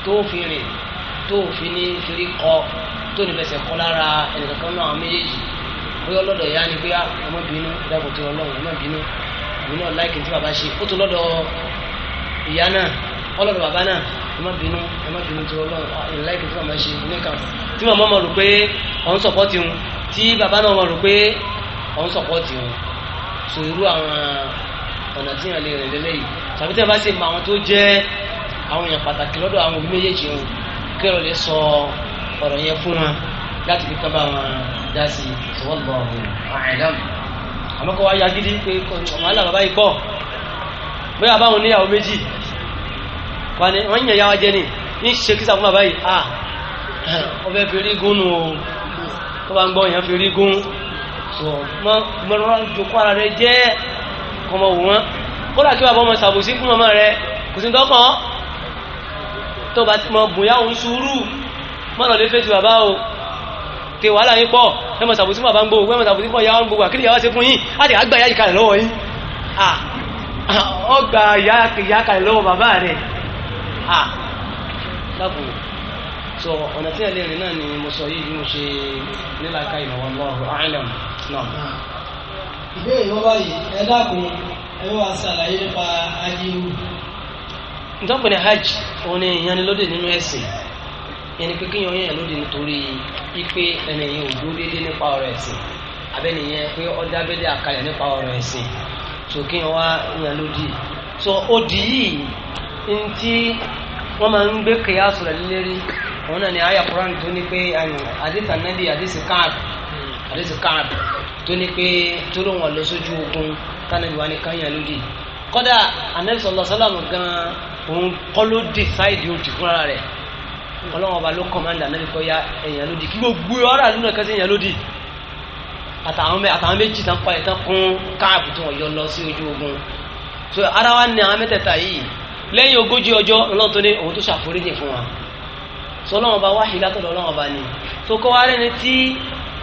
tó fi rìn tó fi ní feri kọ́ tó ní fẹsẹ̀ kọ́ lára ẹnìkankan náà àwọn méjèèjì bóyá ọlọ́dọ̀ ya ni bóyá ẹ má bínú ìdàgbò tó ọlọ́run ẹ má bínú èmi náà láìkì tí bàbá ṣe ó tó lọ́dọ̀ ìyá náà ọlọ́dọ̀ bàbá náà ẹ má bínú ẹ má bínú tó ọlọ́run ah, ẹ láìkì tí bàbá ṣe nìkan tí màmá mọ̀ rò pé ọ̀n sọ̀pọ̀ tiwọn tí bàbá náà mọ̀ rò pé ọ̀n sọ̀pọ̀tì wọn so irú àwọn ọ̀nà tí yàn lè rìn lélẹ́yìí tàbí tẹ́ bá ṣe mọ àwọn tó jẹ́ àwọn èèyàn pàtàkì lọ́dọ̀ àwọn òbí méjèèjì wọn kẹrọ lè sọ ọ̀rọ̀ yẹn fún wọn láti fi kábà wọn dá sí ìṣòwò lọ àìdám àmọ́ kọ́ wá ya gidi pé ọmọ àlà bàbá yìí pọ̀ bóyá báwọn oníyàwó méjì wọ́n yàn yá wa jẹ́ ni ní ṣe kí sàkúmọ̀ báyìí ah ọbẹ̀ fi rí gún nù ó tó ń gbọ́ yẹn fi rí gún so mọ̀rọ̀ jòkó ara rẹ jẹ́ kọmọ wòran kódà kí bàbá ọmọ ṣàbòsí fún màmá rẹ kò sí dọ́kàn tó bá ti mọ bùnyá òun sùúrù mọ̀nà lè fèsì bàbá o tè wàhálà yín pọ̀ ẹ mọ̀ ṣàbòsí bàbá ń gbowó ẹ mọ̀ ṣàbòsí fún ìyá ń gbowó àkìlì ìyàwó ṣe fún yín àti àgbà ìyá ìkàlẹ̀ lọ́wọ́ yín ọgbà ìyá ìkàlẹ̀ lọ́wọ́ bàbá rẹ̀ ah lábùú so ọ̀nà tí ni mo sọ yìí bí mo ṣe nílàka ìnáwó lọ́wọ́ àìlẹ̀m náà. Ah. ìbéèrè ló báyìí ẹ dákun ẹ wá ṣàlàyé nípa ajíru. ìjọba ni hajj òun ni ìyanilóde nínú ẹ̀sìn ipe pé kéèyàn yàn lóde nítorí pípé ẹni yẹn so so odi wọ́n òun náà ni àyà Quran tó ní pé àdìsàn nàbì àdìsàn káàbù àdìsàn káàbù tó ní pé tó ló wọn lọ sójú ogun tánàbí wa ní kányà lódì kọ́dà anabi sallallahu alaihi wasallam gan òun kọ́ ló dì sáìdì òdì fúnra rẹ̀ ọlọ́wọ́n ọba ló kọ́mándà anabi kọ́ ya ẹ̀yàn lódì kí gbogbo ọ̀rọ̀ àlùnà kẹsì ẹ̀yàn lódì àtàwọn méjì tán pa ìtàn kún káàbù tí wọ́n yọ lọ sí ojú ogun so ara wa ní àwọn mẹ́tẹ̀ẹ̀ta yìí lẹ́yìn ogójì ọjọ́ ńlọ́tọ́ ní òun tó ṣàforíjì fún wa sọlọ́wọ́n bá wáhì látọ̀dọ̀ ọlọ́wọ́n bá ní tó kọ́ wáré ni tí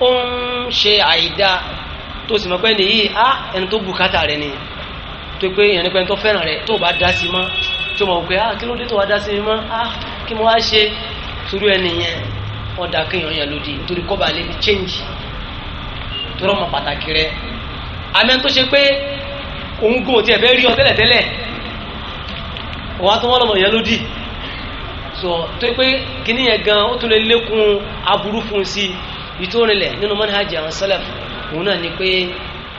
ó ń ṣe àìdá tó sì mọ̀ pé ní yìí á ẹni tó bùkátà rẹ̀ ni tó pé èèyàn nípa ẹni tó fẹ́ràn rẹ̀ tó bá dá sí mọ́ tó mọ̀ pé á kí ló dé tó wá dá sí mi mọ́ á kí mo wá ṣe torí ẹni yẹn ọ̀dà kéèyàn yàn lòdì nítorí kọ́ lè ní change tó rọ̀ mọ́ pàtàkì rẹ̀ àmì ẹni tó ṣe pé òun gò tí ẹ fẹ́ rí ọ tẹ́lẹ̀tẹ́lẹ̀ wọ́n á tó wọ́n lọ́mọ yẹn lòdì sọ tó pé kíní yẹn gan ó tún lè lékún aburú fún sí ìtòrinlẹ̀ nínú manhaj àwọn salaf òun náà ni pé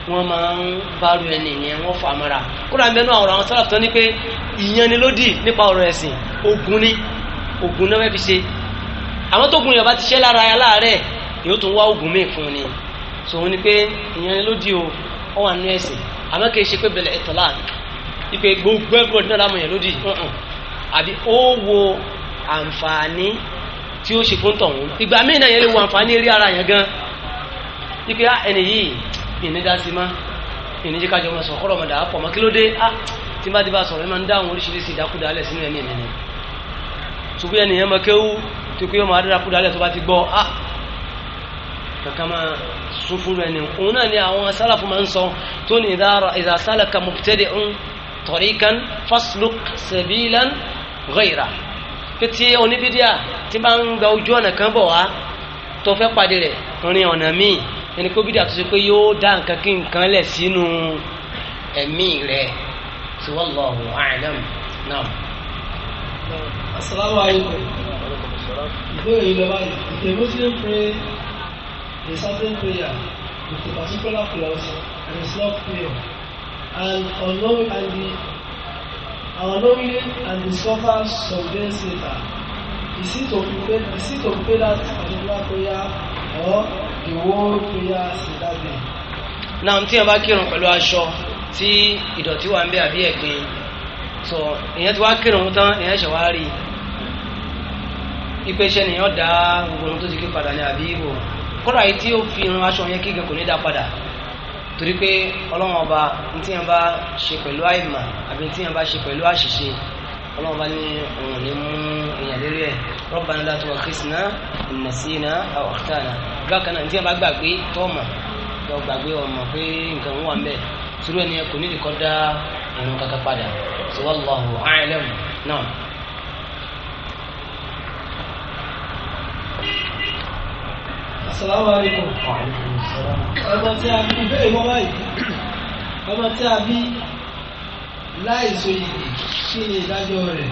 wọ́n máa ń bárò ẹni yẹn wọ́n fà mọ́ra kódà mẹ́nu àwọn àwọn salaf tán ni pé ìyanilódì nípa ọ̀rọ̀ ẹ̀sìn ogun ni ogun náà fẹ́ fi ṣe àwọn tó gun yẹn bá ti ṣẹ́ lára ẹ láàárẹ̀ yóò tún wá ogun míì fún ni so ni pé ìyẹn o ọ wà nínú ẹsìn àmọ́ kì í ṣe pé bẹlẹ ẹtọlá ipe gbogbo ẹgbẹ ọdún náà lámọ yẹn àbí ó wo àǹfààní tí ó ṣe fún tọ̀hún ìgbà míì náà yẹn lè wo àǹfààní eré ara yẹn gan wípé ah, ẹni yìí ìnídásí má ìníjẹ́ kájọ máa sọ ọ̀rọ̀ ọmọdà pọ̀ mọ́ kí ló dé á ah, tí bá ti bá sọ̀rọ̀ ẹ máa ń dáhùn oríṣiríṣi ìdákúdà alẹ̀ sínú ẹ̀mí ẹ̀mí ni ẹni yẹn máa kéwú tó kí máa dákúdà alẹ̀ tó bá ti gbọ́ á ah, kankan máa sún fún ẹni òun náà ni àwọn sálàfù máa ń sọ tó ní idha salaka mubtadi'un tariqan fasluk sabilan ghayra pé tí oníbídíà tí bá ń gba ojú ọ̀nà kan bọ̀ wá tó fẹ́ pàdé rẹ̀ rin ọ̀nà míì ẹni pé bídíà tó ṣe pé yóò dá nǹkan kí nǹkan lẹ̀ sínú ẹ̀mí rẹ̀ tí wọ́n lọ wọ àìlẹ́m náà. asalaamu alaykum ìbéèrè ìlọ báyìí if a muslim pray a certain prayer with a particular cloth and a slow prayer and unknown and the Our knowing and discover some days later. Is it occupied, is it occupied that particular prayer or the whole prayers in that day? Náà tí wọ́n bá kírun pẹ̀lú aṣọ tí ìdọ̀tí wà ń bẹ àbí ẹ̀gbin sọ ìyẹn tí wọ́n á kírun tán ìyẹn ṣẹ̀ wá rí ipe iṣẹ́ nìyẹn dá gbogbo ohun tó ti kí padà ní àbí ìwò kọ́ra yìí tí ó fi irun aṣọ yẹn kí gẹ̀ kò ní dá padà torí pé ọlọ́wọ́n ọba ntí yẹn bá ṣe pẹ̀lú àìmọ̀ àbí ntí yẹn bá ṣe pẹ̀lú àṣìṣe ọlọ́wọ́n bá ní òun ní mú èèyàn lérí ẹ̀ Rabbana la tu'akhizna in nasina aw akhta'na gbá kan náà ntí yẹn bá gbàgbé tọ́ọ̀mà tó gbàgbé ọmọ pé nǹkan wà mẹ́ẹ̀ sùúrù ẹni kò ní ìdíkọ́ dá ìrun kankan padà wallahu a'lam náà. Assalamu alaikum. ọmọ tí a bí ìbéèrè wọn báyìí ọmọ tí a bí láìsọ yìí kí ni ìdájọ́ rẹ̀.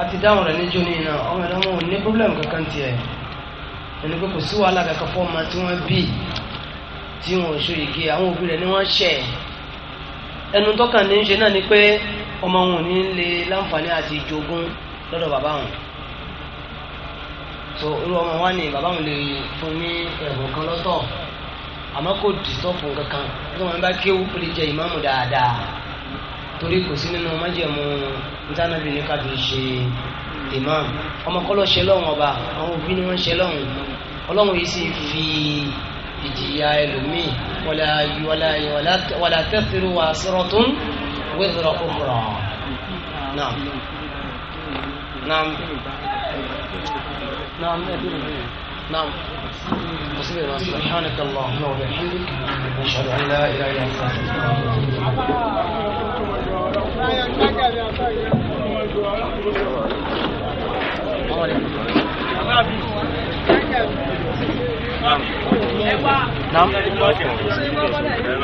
a ti dáhùn rẹ̀ níjó ní iná ọmọ ìdáhùn wọn ní pọ́blẹ́mù kankan tiẹ̀ ẹni pé kò sí wàhálà kankan fún ọmọ tí wọ́n bí tí wọ́n sọ yìí àwọn òbí rẹ̀ ni wọ́n ṣẹ̀ ẹnu tọ́kàn ní í ṣe náà ni pé ọmọ wọn ò ní lè láǹfààní àti ìjogún lọ́dọ̀ bàbá wọn so irú ọmọ wa ni bàbá mi lè fún ní ẹ̀bùn kan lọ́tọ̀ àmọ́ kò dì sọ́ọ̀fù kankan nígbà wọn bá kéwú ó lè jẹ ìmáàmù dáadáa torí kò sí nínú májẹ̀mú ntánàbì ní ká fi ṣe ìmáàmù ọmọ kọ́lọ́ ṣe lọ́hùn ọba àwọn òbí ni wọ́n ṣe lọ́hùn ọlọ́hùn yìí sì fi ìjìyà ẹlòmíì wala wala wala taziru waziratun wizra ukhra náà náà. نعم نعم تصبر سبحانك اللهم وبحمدك أشهد أن لا إله إلا أنت نعم نعم